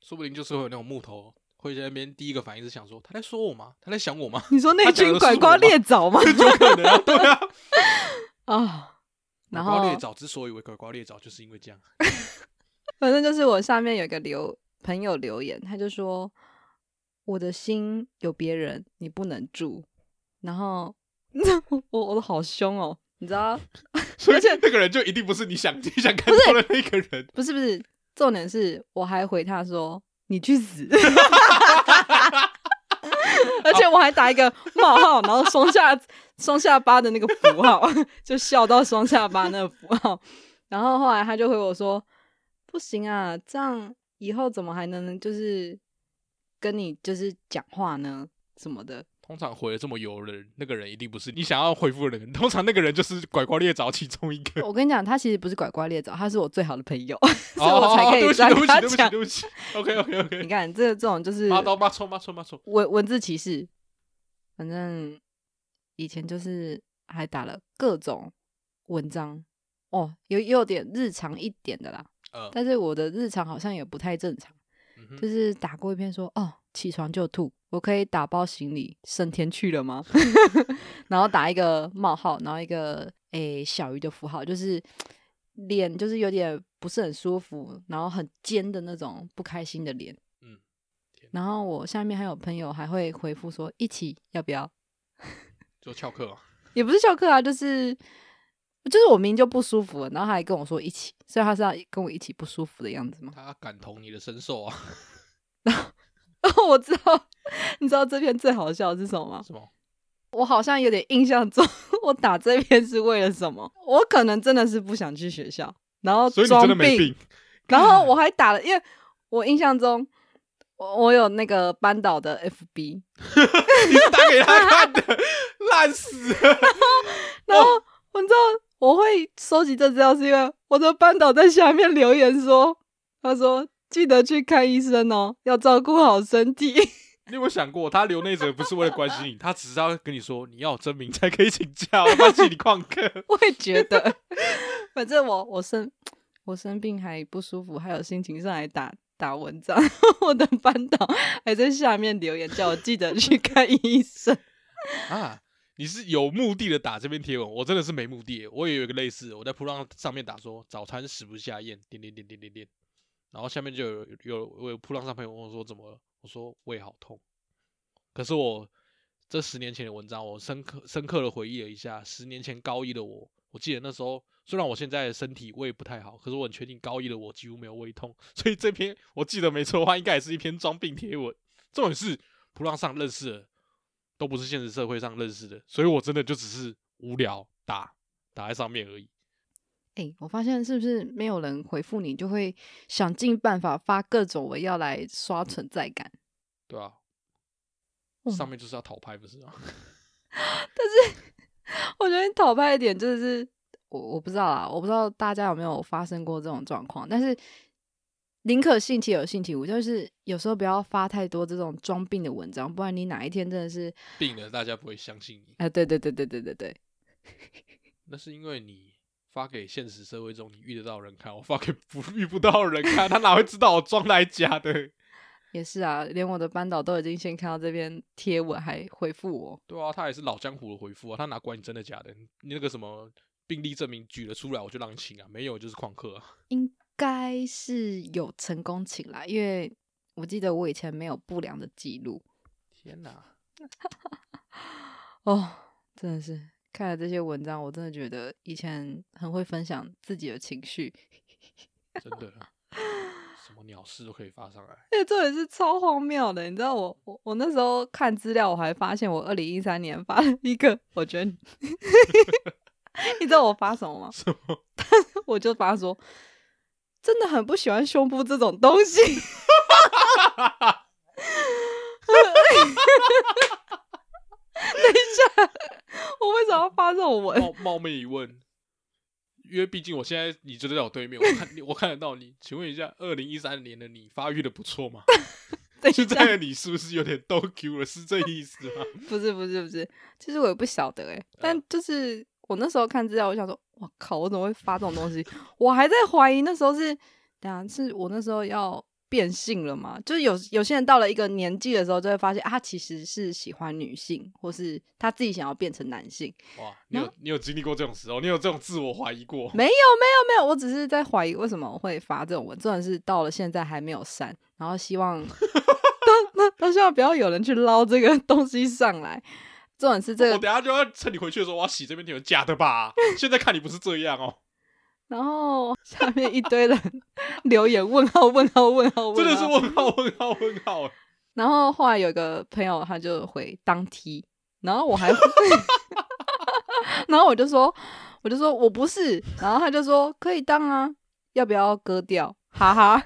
說不定就是會有那種木頭。嗯會在那邊第一個反應是想說，他在說我嗎？他在想我嗎？你說那群拐瓜裂棗嗎？有可能、啊，對啊。啊、哦，然後拐瓜裂棗之所以為拐瓜裂棗，就是因為這樣。反正就是我下面有一個留朋友留言，他就說：“我的心有別人，你不能住。”然後我我好凶哦，你知道？所以，現在那個人就一定不是你想你想看到的那個人。不是不是，重點是我還回他說。你去死！ 而且我還打一個冒號，然後雙下雙下巴的那個符號，就笑到雙下巴那個符號。然後後來他就回我說：“不行啊，這樣以後怎麼還能就是跟你就是講話呢？什麼的。”通常回了這麼油的那個人，一定不是你想要回復的人。通常那個人就是拐瓜裂棗其中一個。我跟你講，他其實不是拐瓜裂棗，他是我最好的朋友，哦、 所以我才可以跟他講、哦、對不起，對不起，對不起。OK，OK，OK。Okay, okay, 你看，這這種就是。罵刀，罵臭，罵臭，罵臭。文文字歧視，反正以前就是還打了各種文章哦，有有點日常一點的啦。嗯、但是我的日常好像也不太正常，就是打過一篇說哦。起床就吐，我可以打包行李升天去了嗎？ 然後打一個冒號，然後一個誒、欸、小於的符號，就是臉，就是有點不是很舒服，然後很尖的那種不開心的臉。嗯，然後我下面還有朋友還會回覆說一起要不要？ 做翹課、啊？也不是翹課啊，就是就是我明明就不舒服，然後他還跟我說一起，所以他是要跟我一起不舒服的樣子嗎？他感同你的身受啊。 我知道，你知道這篇最好笑的是什麼嗎？什麼？我好像有點印象中，我打這篇是為了什麼？我可能真的是不想去學校，然後所以你真的沒病。裝病然後我還打了，因為我印象中我我有那個班導的 FB， 你打給他看的，爛死。然後然後我知道我會收集這資料，是因為我的班導在下面留言說，他說。記得去看醫生哦，要照顧好身體。你有沒有想過，他留那則，不是為了關心你， 他只是要跟你說，你要有證明，才可以請假，怕 起你曠課。 我也覺得，反正我我生我生病還不舒服，還有心情上來打打文章。 我的班導還在下面留言，叫我記得去看醫生 啊！你是有目的的打這篇貼文，我真的是沒目的。我也有一個類似，我在噗浪上面打說早餐食不下嚥，點點點點點點。然後下面就有有位有噗浪上朋友問我說，怎麼了？我說胃好痛。可是我這十年前的文章，我深刻深刻的回憶了一下，十年前高一的我，我記得那時候雖然我現在身體胃不太好，可是我很確定高一的我幾乎沒有胃痛。所以這篇我記得沒錯的話，應該也是一篇裝病貼文。重點是噗浪上認識的都不是現實社會上認識的，所以我真的就只是無聊打打在上面而已。哎、欸，我發現是不是沒有人回復你，就會想盡辦法發各種文要來刷存在感？對啊，哇上面就是要討拍，不是啊？但是我覺得你討拍一點就是我，我不知道啊，我不知道大家有沒有發生過這種狀況。但是寧可信其有，信其無，就是有時候不要發太多這種裝病的文章，不然你哪一天真的是病了，大家不會相信你啊，呃！對對對對對對對，那是因為你。發給現實社會中你遇得到的人看，我發給不遇不到的人看， 他哪會知道我裝來假的？也是啊，連我的班導都已經先看到這邊貼文，還回復我。對啊，他也是老江湖的回復啊，他哪管你真的假的？你那個什麼病歷證明舉了出來，我就讓你請啊，沒有就是曠課啊。應該是有成功請來，因為我記得我以前沒有不良的記錄。天哪啊！ 哦，真的是。看了這些文章，我真的覺得以前很會分享自己的情緒， 真的，什麼鳥事都可以發上來。那這也是超荒謬的，你知道我我，我那時候看資料，我還發現我二零一三年發了一個，我覺得 你知道我發什麼嗎？什麼？我就發說，真的很不喜歡胸部這種東西。等一下。 我為什麼要發這種文？冒冒昧一問，因為畢竟我現在你就在我對面， 我看你，我看得到你。請問一下，二零一三年的你發育的不錯嗎？現 一下 在你是不是有點逗 Q 了？是這意思嗎？ 不是不是不是，其實我也不曉得哎、欸。但就是我那時候看資料，我想說，我靠，我怎麼會發這種東西？ 我還在懷疑那時候是，兩次，是我那時候要。變性了嘛，就是有有些人到了一個年紀的時候，就會發現、啊、他其實是喜歡女性，或是他自己想要變成男性。哇！你有、嗯、你有經歷過這種時候？你有這種自我懷疑過？沒有沒有沒有，我只是在懷疑為什麼我會發這種文。這種是到了現在還沒有刪，然後希望都都 希望不要有人去撈這個東西上來。這種是這個，我等下就要趁你回去的時候，我要洗這邊，有假的吧？ 現在看你不是這樣哦。然後下面一堆人留言問號問號問號問，真的是問號問號問號。然後後來有一個朋友他就回當 T，然後我還不會， 然後我就說我就說我不是，然後他就說可以當啊，要不要割掉？哈哈，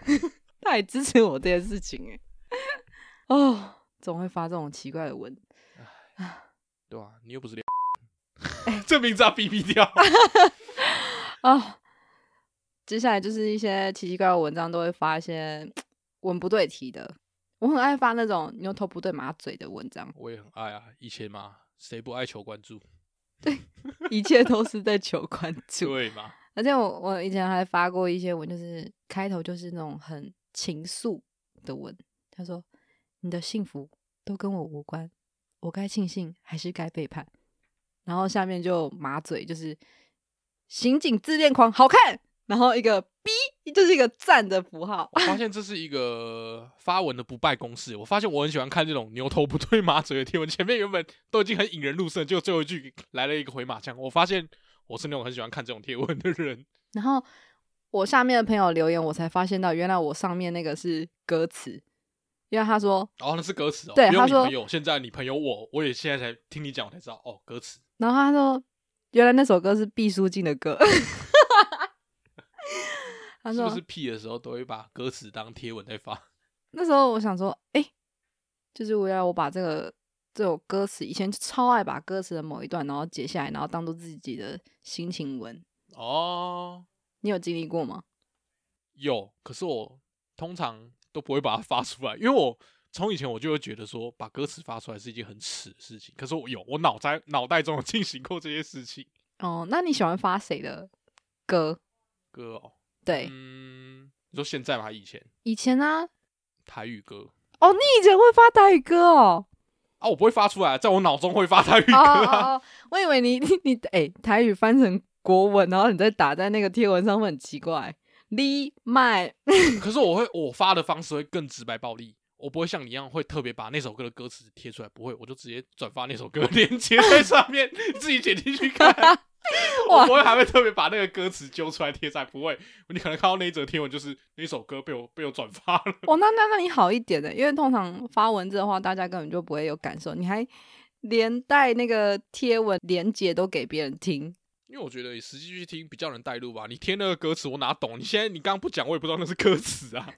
他也支持我這件事情哎、欸，哦，總會發這種奇怪的文，對吧、啊？你又不是臉唉，這名字要 BB 掉啊。唉 哦接下來就是一些奇奇怪怪的文章，都會發一些文不對題的。我很愛發那種牛頭不對馬嘴的文章。我也很愛啊，一切嘛，誰不愛求關注？對，一切都是在求關注， 對嘛？而且我我以前還發過一些文，就是開頭就是那種很情愫的文，他說：“你的幸福都跟我無關，我該慶幸還是該背叛？”然後下面就馬嘴，就是刑警自戀狂，好看。然後一個 B 就是一個讚的符號。我發現這是一個發文的不敗公式。我發現我很喜歡看這種牛頭不對馬嘴的貼文，前面原本都已經很引人入勝，就最後一句來了一個回馬槍。我發現我是那種很喜歡看這種貼文的人。然後我下面的朋友留言，我才發現到原來我上面那個是歌詞，因為他說，哦，那是歌詞哦。對，他說你朋友，現在你朋友我，我也現在才聽你講，我才知道哦，歌詞。然後他說，原來那首歌是畢書盡的歌。 啊，是不是 P 的時候，都會把歌詞當貼文在發。那時候我想說，欸，就是我要我把這個這首歌詞，以前就超愛把歌詞的某一段，然後截下來，然後當做自己的心情文。哦，你有經歷過嗎？有，可是我通常都不會把它發出來，因為我從以前我就會覺得說，把歌詞發出來是一件很恥的事情。可是我有，我腦在腦袋中進行過這些事情。哦，那你喜歡發誰的歌？歌哦。對，你說、嗯、現在嗎？還以前，以前啊，台語歌哦，oh, 你以前會發台語歌哦？啊，我不會發出來，在我腦中會發台語歌，啊。Oh, oh, oh, oh. 我以為你你你，哎、欸，台語翻成國文，然後你再打在那個貼文上會很奇怪，欸。你麥 可是我會，我發的方式會更直白暴力。我不會像你一樣，會特別把那首歌的歌詞貼出來，不會，我就直接轉發那首歌鏈接在上面， 自己點進去看。 哇 我不會還會特別把那個歌詞揪出來貼出來，不會。你可能看到那一則貼文，就是那首歌被我被我轉發了。哦，那那那你好一點呢，因為通常發文字的話，大家根本就不會有感受，你還連帶那個貼文連接都給別人聽。因為我覺得你實際去聽比較能帶入吧。你貼那個歌詞，我哪懂？你現在你剛剛不講，我也不知道那是歌詞啊，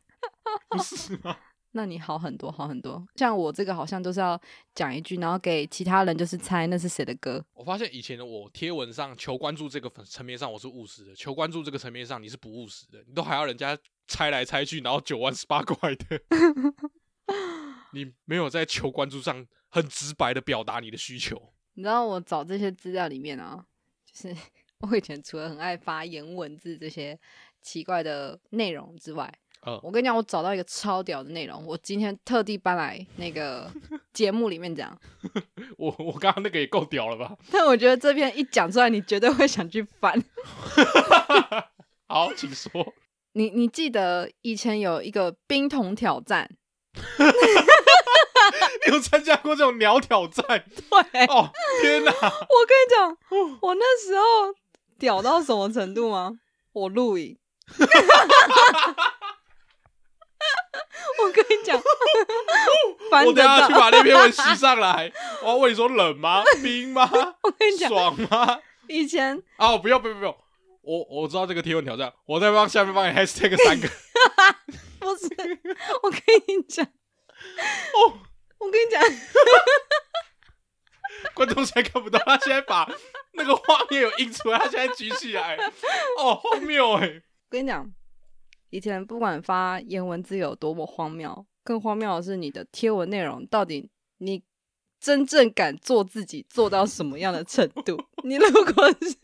不是嗎？ 那你好很多，好很多。像我這個好像都是要講一句，然後給其他人就是猜那是誰的歌。我發現以前的我貼文上求關注這個層面上我是務實的，求關注這個層面上你是不務實的，你都還要人家猜來猜去，然後九萬十八塊九彎十八拐的， 你沒有在求關注上很直白的表達你的需求。你知道我找這些資料裡面啊，就是我以前除了很愛顏文字這些奇怪的內容之外。嗯、我跟你講，我找到一個超屌的內容，我今天特地搬來那個節目裡面講。 我我剛剛那個也夠屌了吧？但我覺得這篇一講出來，你絕對會想去翻。 好，請說。你你記得以前有一個冰桶挑戰？ 你有參加過這種鳥挑戰？對哦，天哪、啊！我跟你講，我那時候屌到什麼程度嗎？我錄影。 我跟你講， 得到 我等下去把那篇文洗上來。 我要問你說冷嗎？冰嗎？我跟你講，爽嗎？以前哦，不用不用不用。我我知道這個提問挑戰，我在幫下面幫你 hashtag 三個。 不是，我跟你講，哦， 我跟你講， 觀眾現在看不到，他現在把那個畫面有印出來，他現在舉起來，哦，後面哎，我跟你講。以前不管發言文字有多麼荒謬，更荒謬的是你的貼文內容到底你真正敢做自己做到什麼樣的程度？ 你如果是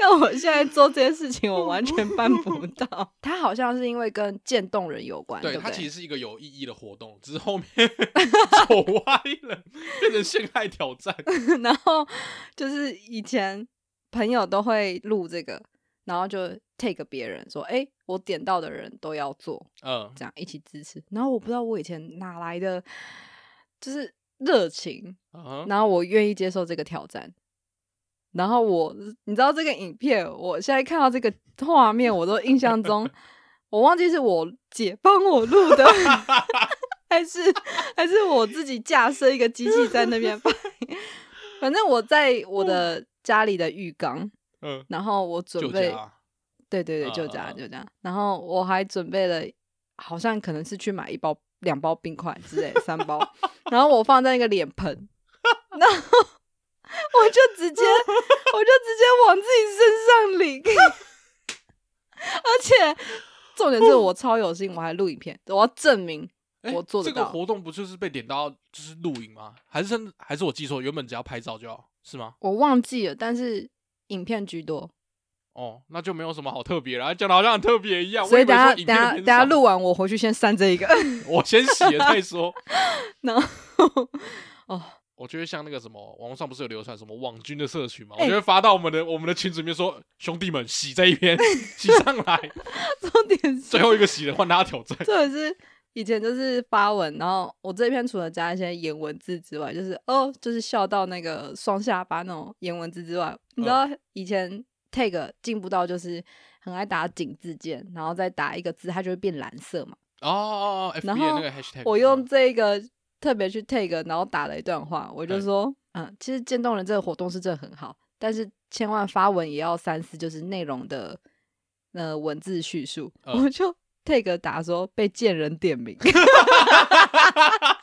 要我現在做這件事情，我完全辦不到。 他好像是因為跟漸凍人有關，對，對，對他其實是一個有意義的活動，只是後面走 歪了，變成陷害挑戰。 然後就是以前朋友都會錄這個，然後就 take 別人說，哎、欸。我點到的人都要做，嗯，uh. 這樣一起支持。然後我不知道我以前哪來的就是熱情，uh huh. 然後我願意接受這個挑戰。然後我，你知道這個影片，我現在看到這個畫面，我都印象中， 我忘記是我姐幫我錄的， 還是還是我自己架設一個機器在那邊拍。 反正我在我的家裡的浴缸，嗯，uh. 然後我準備。對對對，就這樣就這樣。然後我還準備了，好像可能是去買一包、兩包冰塊之類，三包。然後我放在一個臉盆，然後我就直接我就直接往自己身上淋。而且重點是我超有心，我還錄影片，我要證明我做這個活動不就是被點到就是錄影嗎？還是還是我記錯？原本只要拍照就好是嗎？我忘記了，但是影片居多。哦，那就沒有什麼好特別，然後講的好像很特別一樣。所以等下以等下等下錄完，我回去先刪這一個。 我先洗了再說。然後哦，我覺得像那個什麼，網絡上不是有流傳什麼網軍的社群嘛，我覺得發到我們的、欸、我們的群組裡面說，說兄弟們，洗這一篇，洗上來。重 點是最後一個洗的換大家挑戰。重 點是，是以前就是發文，然後我這一篇除了加一些顏文字之外，就是哦，就是笑到那個雙下巴那種顏文字之外，你知道以前、呃。tag 進步到就是很愛打井字鍵，然後再打一個字，它就會變藍色嘛。哦，哦哦，然後 ag，我用這個特別去 tag，然後打了一段話，我就說，嗯、啊，其實漸凍人這個活動是真的很好，但是千萬發文也要三思，就是內容的呃文字敘述。Oh. 我就 tag 打說被賤人點名。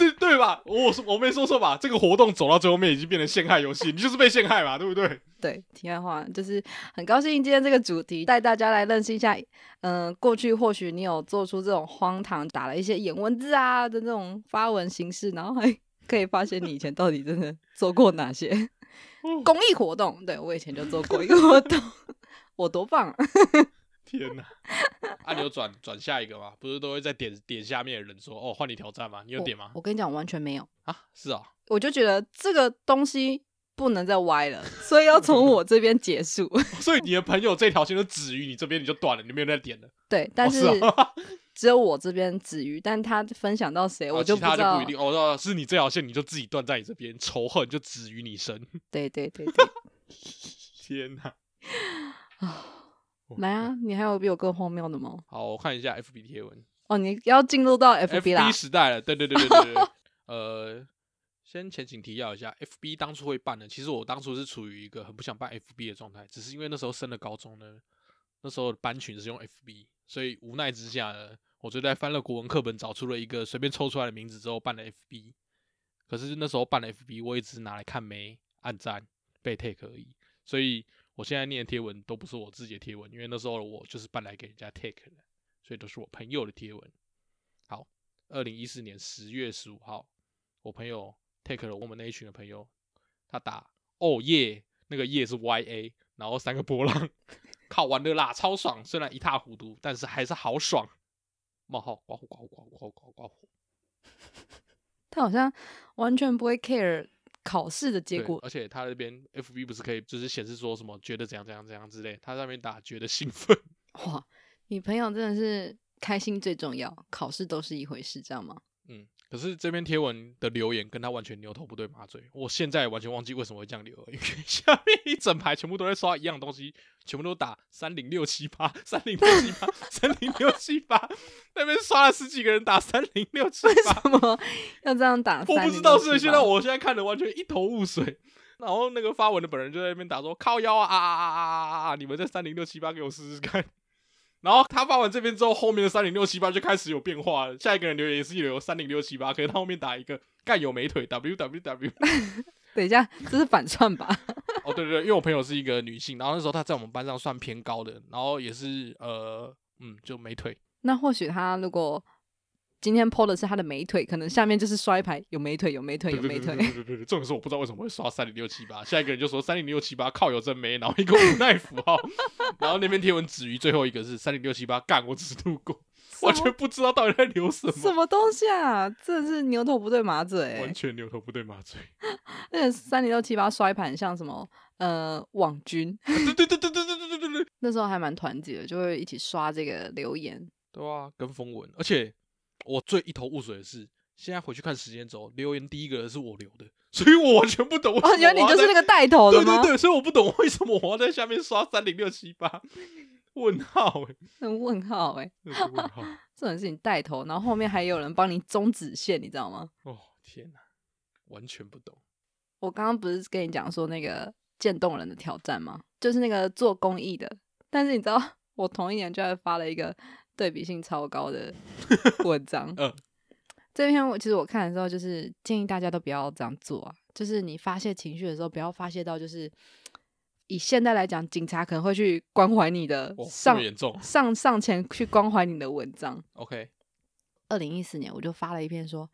對對吧？我我沒說錯吧？這個活動走到最後面已經變成陷害遊戲， 你就是被陷害吧，對不對？對，題外話就是很高興今天這個主題帶大家來認識一下，嗯、呃，過去或許你有做出這種荒唐打了一些顏文字啊的這種發文形式，然後還可以發現你以前到底真的做過哪些 公益活動。對，我以前就做過一個活動， 我多棒，啊！ 天哪、啊！按鈕轉轉下一個嘛，不是都會再點點下面的人說哦，換你挑戰嗎？你有點嗎？我，我跟你講，完全沒有啊！是啊、哦，我就覺得這個東西不能再歪了，所以要從我這邊結束。 所以你的朋友這條線就止於你這邊，你就斷了，你沒有再點了。對，但是只有我這邊止於，但他分享到誰， 我就其他就不一定哦。是，你這條線，你就自己斷在你這邊，仇恨就止於你身。對對對對， 天哪、啊！哦、來啊，嗯、你還有比我更荒謬的嗎？好，我看一下 FB 貼文。哦，你要進入到 FB 時代了。對對對對對。 呃，先前情提要一下，FB 當初會辦的，其實我當初是處於一個很不想辦 FB 的狀態，只是因為那時候升了高中呢，那時候的班群是用 FB，所以無奈之下呢，我就在翻了國文課本找出了一個隨便抽出來的名字之後辦了 FB。可是那時候辦了 FB，我也只是拿來看妹、按讚、被 take 而已，所以。我現在念的貼文都不是我自己的貼文，因為那時候我就是搬來給人家 take 的，所以都是我朋友的貼文。好，二零一四年十月十五號，我朋友 take 了我們那一群的朋友，他打哦耶、oh, yeah，那個耶、yeah、是 y a，然後三個波浪， 考完的啦，超爽，雖然一塌糊塗，但是還是好爽。冒號刮鬍刮鬍刮鬍刮鬍刮鬍，他好像完全不會 care。考試的結果，而且他那邊 FB 不是可以，就是顯示說什麼覺得怎樣怎樣怎樣之類，他在那邊打覺得興奮。哇，你朋友真的是開心最重要，考試都是一回事，這樣嗎？嗯。可是這篇貼文的留言跟他完全牛頭不對馬嘴，我現在完全忘記為什麼會這樣留，因為下面一整排全部都在刷一樣東西，全部都打三零六七八三零六七八三零六七八，那邊刷了十幾個人打三零六七八，嗎？要這樣打？我不知道，是現在我現在看的完全一頭霧水。然後那個發文的本人就在那邊打說靠腰啊啊啊啊,啊啊啊啊啊！你們在三零六七八給我試試看。然後他發完這邊之後，後面的三零六七八就開始有變化了。下一個人留言也是有流三零六七八，可是他後面打一個“蓋有美腿” www。w w w，等一下，這是反串吧？ 哦，對對對，因為我朋友是一個女性，然後那時候她在我們班上算偏高的，然後也是呃嗯，就沒腿。那或許她如果。今天 PO 的是他的美腿，可能下面就是摔牌，有美腿，有美腿，有美腿。這種時候我不知道為什麼會刷三零六七八，下一個人就說三零六七八靠有正妹，然後一個無奈符號，然後那篇貼文止於最後一個是三零六七八幹，我只是路過，完全不知道到底在留什麼什麼東西啊，這是牛頭不對馬嘴，完全牛頭不對馬嘴。那三零六七八摔盤很像什麼呃網軍？對對對對對對對對對。那時候還蠻團結的，就會一起刷這個留言。對啊，跟風文，而且。我最一頭霧水的是，現在回去看時間軸，留言第一個人是我留的，所以我完全不懂我。我感覺你就是那個帶頭的，對對對，所以我不懂為什麼我要在下面刷三零六七八問號哎、欸，問號哎、欸，這種事情帶頭，然後後面還有人幫你終止線，你知道嗎？哦天哪、啊，完全不懂。我剛剛不是跟你講說那個漸凍人的挑戰嗎？就是那個做公益的，但是你知道，我同一年就還發了一個。對比性超高的文章， 嗯，這篇我其實我看的時候，就是建議大家都不要這樣做啊，就是你發泄情緒的時候，不要發泄到就是以現在來講，警察可能會去關懷你的上、哦、是是上上前去關懷你的文章。OK，二零一四年我就發了一篇說，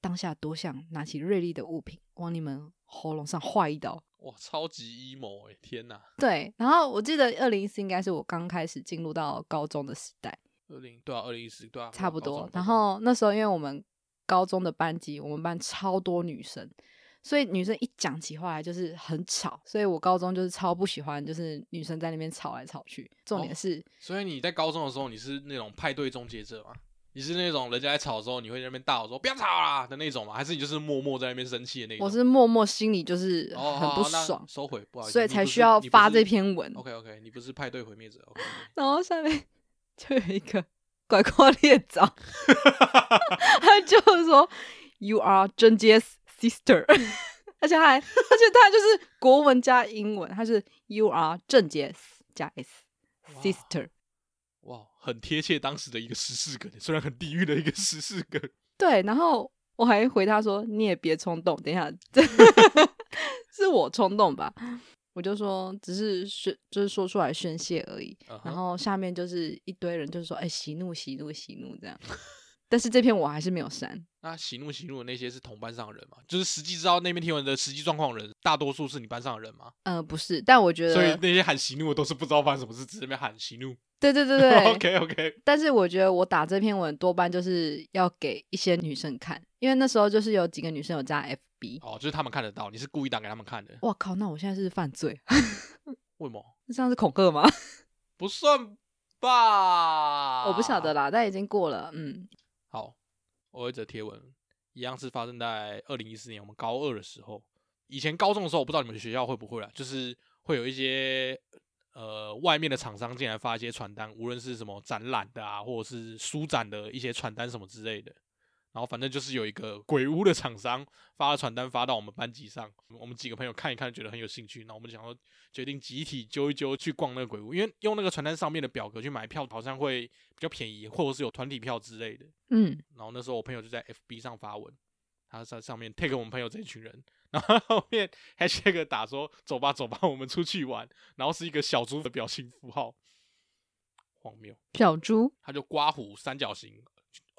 當下多想拿起銳利的物品往你們喉嚨上劃一刀。哇，超級 emo 哎、欸！天吶，對。然後我記得二零一四應該是我剛開始進入到高中的時代。二零對啊，二零一四對啊，差不多。高中，高中。然後那時候，因為我們高中的班級，我們班超多女生，所以女生一講起話來就是很吵。所以我高中就是超不喜歡，就是女生在那邊吵來吵去。重點是，哦、所以你在高中的時候，你是那種派對終結者嗎？你是那種人家在吵的時候，你會在那邊大吼說“不要吵啦”的那種嗎？還是你就是默默在那邊生氣的那種？我是默默心裡就是很不爽，哦、好好收回，不好意思，所以才需要發，發這篇文。OK OK，你不是派對毀滅者。Okay, okay. 然後下面就有一個怪怪的獵照， 他就是說 “You are 正傑 's sister”， 而且他還而且他就是國文加英文，他、就是 “You are 正傑 's 加 s sister”。Wow 很貼切當時的一個時事梗，雖然很地獄的一個時事梗。對，然後我還回他說：“你也別衝動，等一下這， 是我衝動吧。”我就說：“只是宣，就是說出來宣泄而已。” Uh-huh. 然後下面就是一堆人，就是說：“哎、欸，息怒，息怒，息怒，怒這樣。” 但是這篇我還是沒有刪。那“喜怒”、“喜怒”的那些是同班上的人嗎？就是實際知道那篇貼文的實際狀況的人，大多數是你班上的人嗎？嗯、呃，不是，但我覺得……所以那些喊“喜怒”的都是不知道發生什麼事，只是在那邊喊“喜怒”。對對對對 ，OK OK。但是我覺得我打這篇文多半就是要給一些女生看，因為那時候就是有幾個女生有加 FB，哦，就是他們看得到，你是故意打給他們看的。我靠，那我現在是犯罪？ 為什麼？這樣是恐嚇嗎？ 不算吧，我不曉得啦，但已經過了，嗯，好。我有一則貼文，一樣是發生在二零一四年，我們高二的時候。以前高中的時候，我不知道你們學校會不會啦，就是會有一些呃，外面的廠商進來發一些傳單，無論是什麼展覽的啊，或者是書展的一些傳單什麼之類的。然後反正就是有一個鬼屋的廠商發了傳單發到我們班級上，我們幾個朋友看一看覺得很有興趣，那我們就想說決定集體揪一揪去逛那個鬼屋，因為用那個傳單上面的表格去買票好像會比較便宜，或者是有團體票之類的。嗯，然後那時候我朋友就在 FB 上發文，他在上面 tag 我們朋友這群人，然後後面還 hashtag 打說“走吧走吧，我們出去玩”，然後是一個小豬的表情符號，荒謬小豬，他就括弧三角形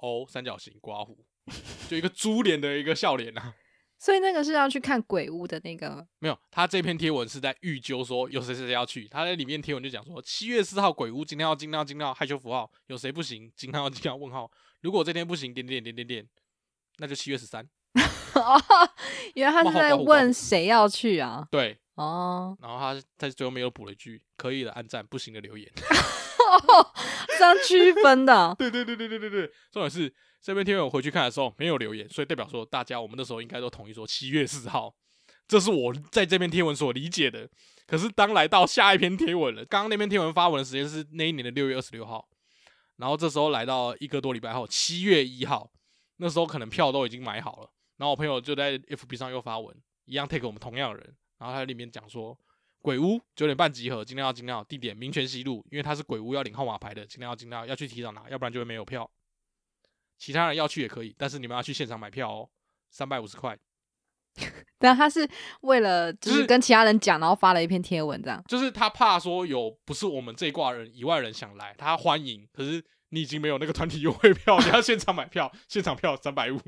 O 三角形括弧。 就一個豬臉的一個笑臉啊，所以那個是要去看鬼屋的那個沒有，他這篇貼文是在預揪說有誰誰誰要去，他在裡面貼文就講說七月四號鬼屋今天要儘量儘量害羞符號，有誰不行今天要今天要問號，如果這天不行點點點點點，那就七月十三，原來 他是在問誰要去啊，對，哦，oh. 然後他在最後面又補了一句可以的按讚，不行的留言，這樣區分的， 對,對,對對對對對對對，重點是。這篇貼文我回去看的時候沒有留言，所以代表說大家我們那時候應該都同意說七月四號，這是我在這篇貼文所理解的。可是當來到下一篇貼文了，剛剛那篇貼文發文的時間是那一年的六月二十六號，然後這時候來到一個多禮拜後七月一號，那時候可能票都已經買好了，然後我朋友就在 FB 上又發文，一樣 take 我們同樣的人，然後他在裡面講說，鬼屋九點半集合，盡量要盡量，地點民權西路，因為他是鬼屋要領號碼牌的，盡量要盡量要去提早拿，要不然就會沒有票。其他人要去也可以，但是你們要去現場買票哦，三百五十塊。 但他是為了就是跟其他人講，就是、然後發了一篇貼文這樣。就是他怕說有不是我們這一掛人以外人想來，他歡迎，可是你已經沒有那個團體優惠票，你要 現場買票， 現場票三百五。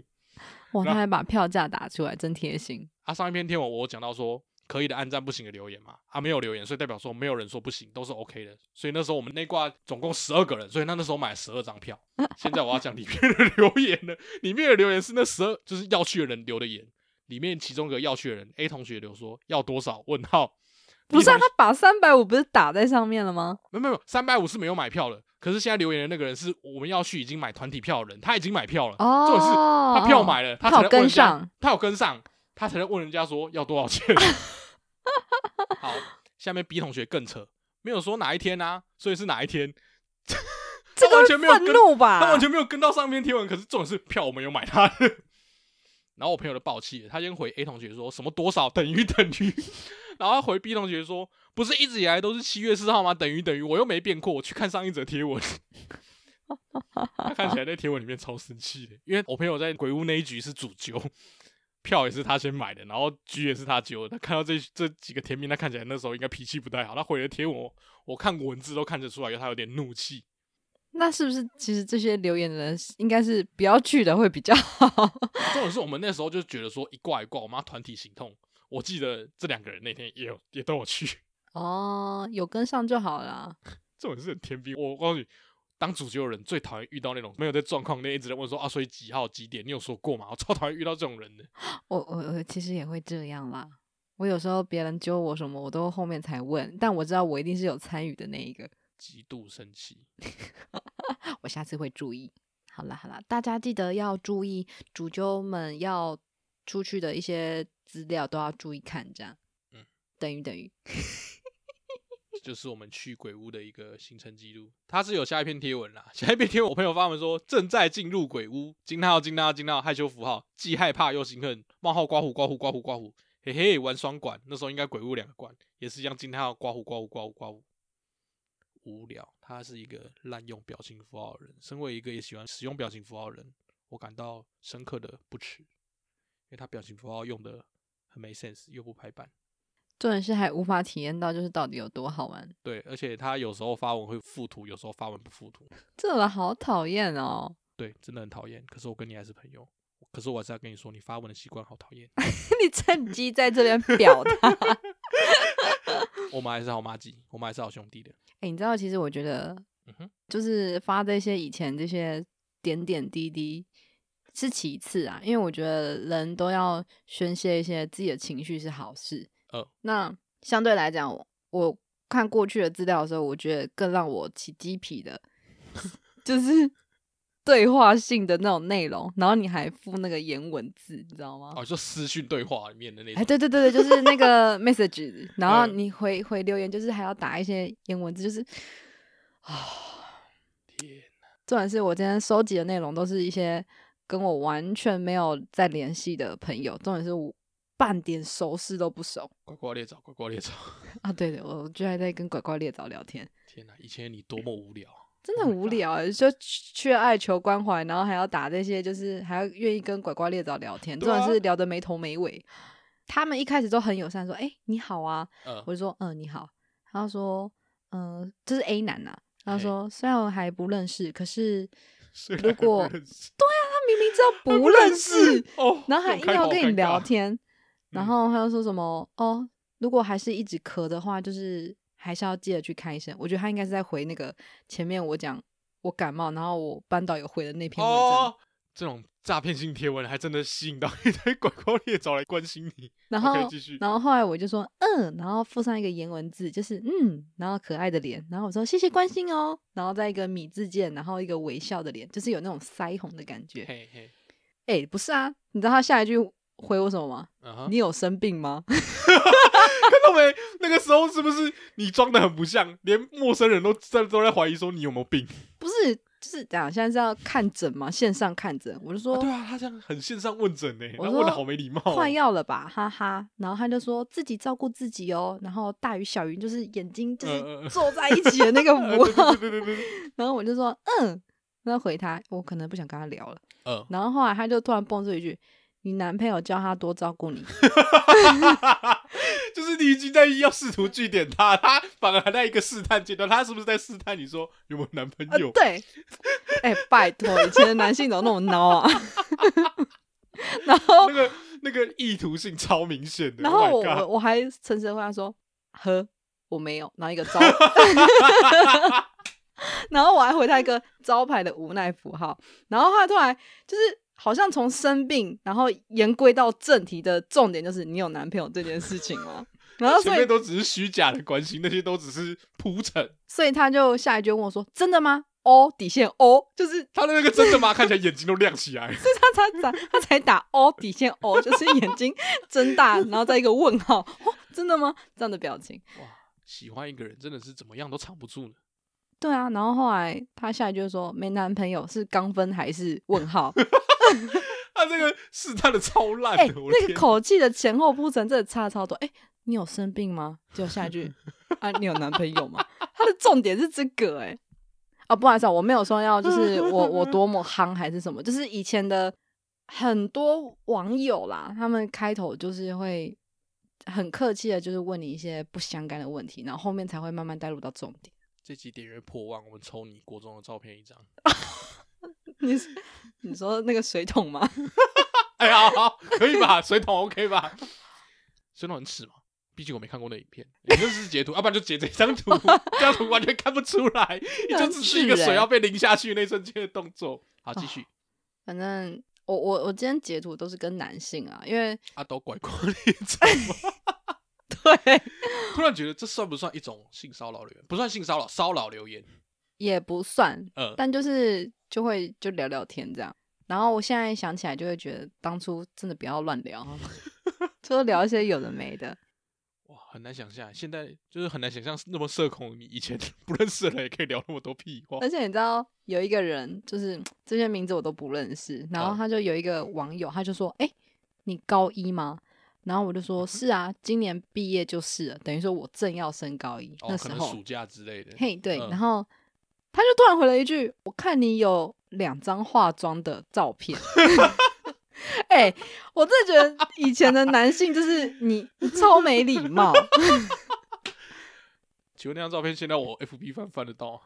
哇，他還把票價打出來，真貼心。他、啊、上一篇貼文我講到說。可以的，按讚不行的留言嘛？他、啊、沒有留言，所以代表說沒有人說不行，都是 OK 的。所以那時候我們那掛總共十二個人，所以他那時候買十二張票。 現在我要講裡面的留言了，裡面的留言是那十二，就是要去的人留的言。裡面其中一個要去的人 A 同學留說要多少？問號？不是、啊，他把三百五不是打在上面了嗎？沒有沒有，三百五是沒有買票的。可是現在留言的那個人是我們要去已經買團體票的人，他已經買票了。哦，就是他票買了，oh, 他才、oh, 他好跟上，他有跟上，他才能問人家說要多少錢。 好，下面 B 同學更扯，沒有說哪一天啊，所以是哪一天？這完全沒有跟他完全沒有跟到上篇貼文，可是重點是票我沒有買他 然後我朋友就爆氣，他先回 A 同學說什麼多少等於等於， 然後他回 B 同學說，不是一直以來都是七月四號嗎？等於等於，我又沒變過。我去看上一則貼文， 他看起來在貼文裡面超生氣的，因為我朋友在鬼屋那一局是主揪。票也是他先買的，然後局也是他揪。他看到這這幾個甜品，他看起來那時候應該脾氣不太好。他回了貼文，我看文字都看得出來，他有點怒氣。那是不是其實這些留言的人應該是不要去的會比較好？這種是我們那時候就覺得說一掛一掛，我媽團體行動。我記得這兩個人那天也有也都有去。哦，有跟上就好了。這種是很甜蜜，我告訴你。當主揪的人最討厭遇到那種沒有在狀況那一直問說啊，所以幾號幾點？你有說過嗎？我超討厭遇到這種人的。我我我其實也會這樣啦。我有時候別人揪我什麼，我都後面才問，但我知道我一定是有參與的那一個。極度生氣， 我下次會注意。好啦好啦，大家記得要注意，主揪們要出去的一些資料都要注意看，這樣。嗯。等於等於。 就是我們去鬼屋的一個行程記錄，他是有下一篇貼文啦。下一篇貼文，我朋友發文說：“正在進入鬼屋，驚嘆號，驚嘆號，驚嘆號，害羞符號，既害怕又興奮，冒號，刮鬍，刮鬍，刮鬍，刮鬍，嘿嘿，玩雙管。那時候應該鬼屋兩個管，也是一樣，驚嘆號，刮鬍，刮鬍，刮鬍，刮鬍，無聊。他是一個濫用表情符號的人，身為一個也喜歡使用表情符號的人，我感到深刻的不齒，因為他表情符號用的很沒 sense，又不排版。”重點是還無法體驗到，就是到底有多好玩。對，而且他有時候發文會附圖，有時候發文不附圖，這種人好討厭哦。對，真的很討厭。可是我跟你還是朋友，可是我還是要跟你說，你發文的習慣好討厭。 你趁機在這邊表達， 我們還是好麻吉，我們還是好兄弟的。哎、欸，你知道，其實我覺得，就是發這些以前這些點點滴滴是其次啊，因為我覺得人都要宣泄一些自己的情緒是好事。呃、那相對來講，我看過去的資料的時候，我覺得更讓我起雞皮的， 就是對話性的那種內容，然後你還附那個顏文字，你知道嗎？哦，就私訊對話裡面的那種。哎、欸，對對對對，就是那個 message， 然後你回回留言，就是還要打一些顏文字，就是啊， 天哪！重點是我今天收集的內容都是一些跟我完全沒有在聯繫的朋友，重點是我。半點熟識都不熟，瓜瓜裂棗，瓜瓜裂棗啊！對對，我居然還在跟瓜瓜裂棗聊天。天哪，以前你多麼無聊，真的無聊、欸，oh、就缺愛、求關懷，然後還要打這些，就是還要願意跟瓜瓜裂棗聊天，總、啊、是聊得沒頭沒尾。他們一開始都很友善，說：“哎、欸，你好啊！”嗯、我就說：“嗯，你好。然呃就是啊”然後說：“嗯、哎，這是 A 男吶。”他說：“雖然我還不認識，可是如果……對啊，他明明知道不認識，認識然後還硬要跟你聊天。哦”然後他又說什麼？哦，如果還是一直咳的話，就是還是要記得去看醫生。我覺得他應該是在回那個前面我講我感冒，然後我班導有回的那篇文章。哦，這種詐騙性貼文還真的吸引到一堆廣告獵找來關心你。然後 okay, 繼續，然後後來我就說嗯，然後附上一個顏文字，就是嗯，然後可愛的臉，然後我說謝謝關心哦，然後再一個米字鍵，然後一個微笑的臉，就是有那種腮紅的感覺。嘿嘿，哎，不是啊，你知道他下一句回我什麼嗎？你有生病嗎？看到沒？那個時候是不是你裝得很不像，連陌生人都在都在懷疑說你有沒有病？不是，就是講現在是要看診嘛，線上看診。我就說，對啊，他這樣很線上問診呢，然後問得好沒禮貌。換藥了吧，哈哈。然後他就說自己照顧自己哦，然後大魚小魚就是眼睛就是坐在一起的那個模樣。然後我就說，嗯，那回他，我可能不想跟他聊了。嗯。然後後來他就突然蹦出一句。你男朋友叫他多照顧你， 就是你已經在要試圖句點他，他反而還在一個試探階段，他是不是在試探你說有沒有男朋友？呃、對，哎、欸，拜托， 以前的男性怎麼那麼孬、NO、啊？ 然後那個那個意圖性超明顯的，然後我、oh、我還誠實回答說，呵，我沒有，拿一個招牌， 然後我還回他一個招牌的無奈符號，然後他突然就是。好像從生病，然後言歸到正題的重點就是你有男朋友這件事情哦。 然後所以都只是虛假的關係，那些都只是鋪陳。所以他就下一句問我說：“真的嗎？”哦，底線哦，就是他的那個“真的嗎” 看起來眼睛都亮起來。 是他才打，他才打哦，底線哦，就是眼睛睜大， 然後再一個問號，真的嗎？這樣的表情。哇，喜歡一個人真的是怎麼樣都藏不住呢。對啊，然後後來他下一句就說：“沒男朋友是剛分還是問號？” 他這個試探的超爛，的、欸、那個口氣的前後鋪陳真的差超多。哎、欸，你有生病嗎？就下一句， 啊，你有男朋友嗎？ 他的重點是這個、欸，哎，啊，不好意思、啊，我沒有說要，就是我 我多麼夯還是什麼，就是以前的很多網友啦，他們開頭就是會很客氣的，就是問你一些不相干的問題，然後後面才會慢慢帶入到重點。這集點閱破萬，我們抽你國中的照片一張。 你你說那個水桶嗎？哎呀、 欸，可以吧，水桶 OK 吧？水桶很恥嘛。畢竟我沒看過那影片，你這是,是截圖，要、 啊、不然就截這張圖， 這張圖完全看不出來， 欸、你就只是一個水要被淋下去那一瞬間的動作。好，繼續、哦。反正我我我今天截圖都是跟男性啊，因為啊，都怪過臉， 對，突然覺得這算不算一種性騷擾留言？不算性騷擾，騷擾留言。也不算，但就是就會就聊聊天這樣。嗯、然後我現在想起來，就會覺得當初真的不要亂聊，多 聊一些有的沒的。哇，很難想象，現在就是很難想象那麼社恐，你以前不認識的人也可以聊那麼多屁話。而且你知道，有一個人就是這些名字我都不認識，然後他就有一個網友，他就說：“哎、欸，你高一嗎？”然後我就說：“是啊，今年畢業就是，了，等於說我正要升高一、哦、那時候暑假之類的。”嘿，對，嗯、然後。他就突然回了一句：“我看你有兩張化妝的照片。 ”哎、欸，我真的覺得以前的男性就是你， 你超沒禮貌。 請問那張照片現在我 FB 翻翻得到？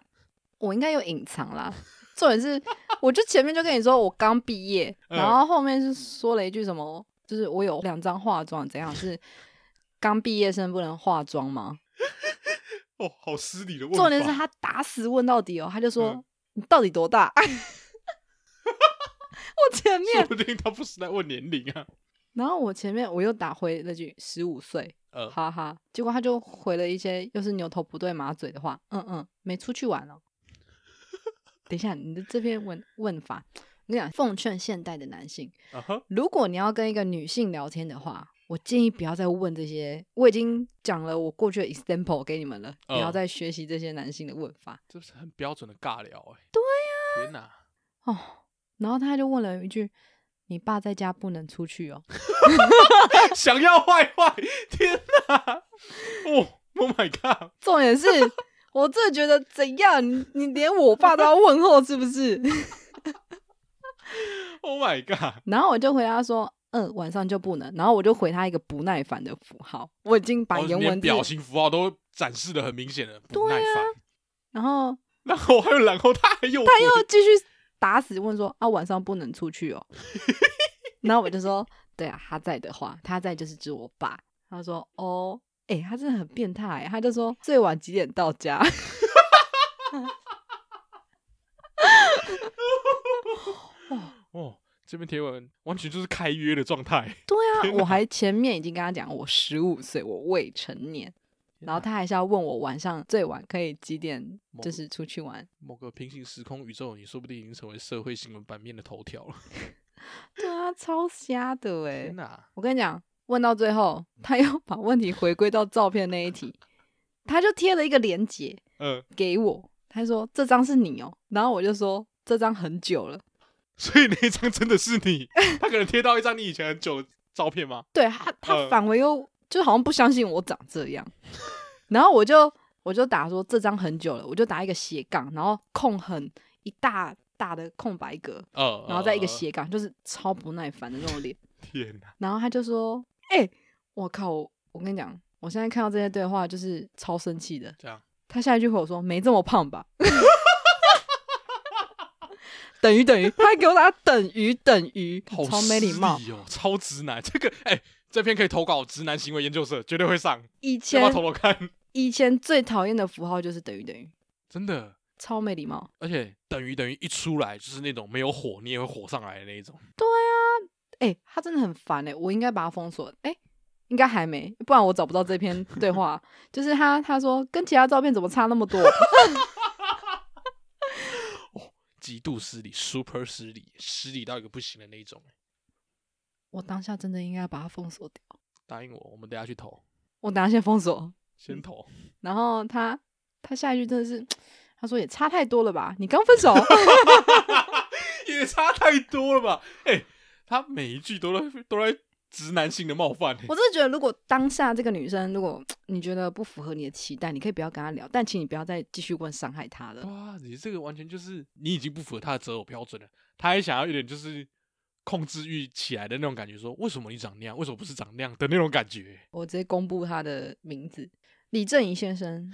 我應該有隱藏啦。重點是，我就前面就跟你說我剛畢業， 然後後面是說了一句什麼，就是我有兩張化妝，怎樣是剛畢業生不能化妝嗎？ 哦，好失禮的問。重點是他打死問到底哦，他就說、嗯、你到底多大？啊、 我前面說不定他不是在問年齡啊。然後我前面我又打回了句十五歲，呃，哈哈。結果他就回了一些又是牛頭不對馬嘴的話，嗯嗯，沒出去玩了、哦。 等一下，你的這篇問問法，我跟你講，奉勸現代的男性，如果你要跟一個女性聊天的話。我建議不要再問這些，我已經講了我過去的 example 給你們了，呃、不要再學習這些男性的問法，這是很標準的尬聊哎、欸。對呀、啊，天哪，哦，然後他就問了一句：“你爸在家不能出去哦。 ” 想要壞壞，天哪，哦 oh,，Oh my god！ 重點是，我真的覺得怎樣？你你連我爸都要問候，是不是 ？Oh my god！然後我就回答說。嗯，晚上就不能，然後我就回他一個不耐煩的符號。我已經把顏文字、哦、表情符號都展示的很明顯了。對呀。然後，然後還有，然後他又他又繼續打死問說啊，晚上不能出去哦。 然後我就說，對啊，他在的話，他在就是指我爸。他說，哦，哎，他真的很變態。他就說，最晚幾點到家？哦 哦。哦這邊貼文完全就是開約的狀態。對啊，哪我還前面已經跟他講我十五歲，我未成年，哪然後他還是要問我晚上最晚可以幾點，就是出去玩某。某個平行時空宇宙，你說不定已經成為社會新聞版面的頭條了。 對啊，超瞎的哎！天哪我跟你講，問到最後，他又把問題回歸到照片那一題，嗯、他就貼了一個連結，呃，嗯，給我，他說這張是你哦，喔，然後我就說這張很久了。所以那一張真的是你？他可能貼到一張你以前很久的照片嗎？ 對他，他反回又、呃、就好像不相信我長這樣，然後我就我就打說這張很久了，我就打一個斜槓，然後空很一大大的空白格，呃、然後再一個斜槓，呃、就是超不耐煩的那種臉。天哪、啊！然後他就說：“哎、欸，我靠！我跟你講，我現在看到這些對話就是超生氣的。”這樣。他下一句回我說：“沒這麼胖吧？” 等於等於，他還給我打等於等於， 好，超沒禮貌哦，超直男。這個哎、欸，這篇可以投稿直男行為研究社，絕對會上。以前，以前最討厭的符號就是等於等於，真的超沒禮貌。而且等於等於一出來就是那種沒有火，你也會火上來的那一種。對啊，哎，他真的很煩呢。我應該把他封鎖。哎，應該還沒，不然我找不到這篇對話、啊。 就是他，他說跟其他照片怎麼差那麼多。 極度失禮，super 失禮，失禮到一個不行的那種。我當下真的應該要把他封鎖掉。答應我，我們等下去投。我等下先封鎖，嗯、先投。然後他，他下一句真的是，他說也差太多了吧？你剛分手， 也差太多了吧？欸、他每一句都在，都在。直男性的冒犯。欸，我真的覺得，如果當下這個女生，如果你覺得不符合你的期待，你可以不要跟她聊，但請你不要再繼續問傷害她了。哇，你這個完全就是你已經不符合她的擇偶標準了，她還想要一點就是控制慾起來的那種感覺，說為什麼你長那樣，為什麼不是長那樣的那種感覺。我直接公布她的名字：李正義先生。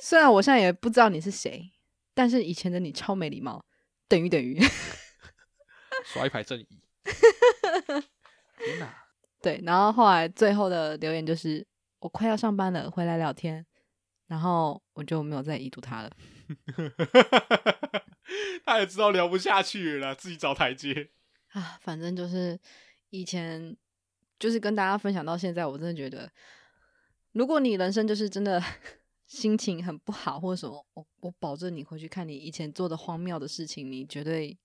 雖然我現在也不知道你是誰，但是以前的你超沒禮貌，等於等於耍一排正義。 對，然後後來最後的留言就是，我快要上班了，回來聊天，然後我就沒有再已讀他了。 他也知道聊不下去了，自己找台階。啊，反正就是以前就是跟大家分享到現在，我真的覺得，如果你人生就是真的心情很不好或者什麼，我我保證你回去看你以前做的荒謬的事情，你絕對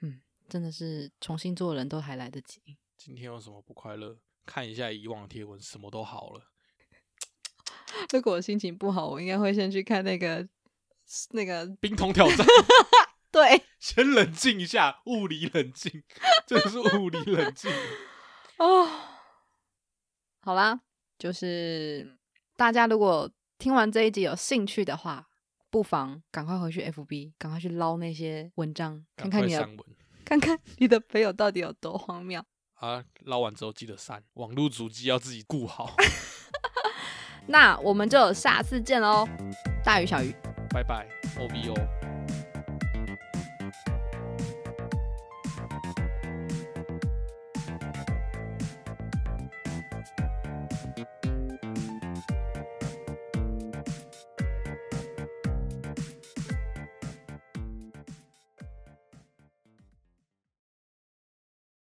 嗯，真的是重新做人都還來得及。今天有什麼不快樂？看一下以往貼文，什麼都好了。如果我心情不好，我應該會先去看那個那個冰桶挑戰。 對，先冷靜一下，物理冷靜， 這是物理冷靜。 哦。好啦，就是大家如果聽完這一集有興趣的話，不妨趕快回去 FB，趕快去撈那些文章，文看看你的，看看你的朋友到底有多荒謬。啊！撈完之後記得刪，網絡足跡要自己顧好。 那我們就下次見嘍，大魚小魚，拜拜，O V O。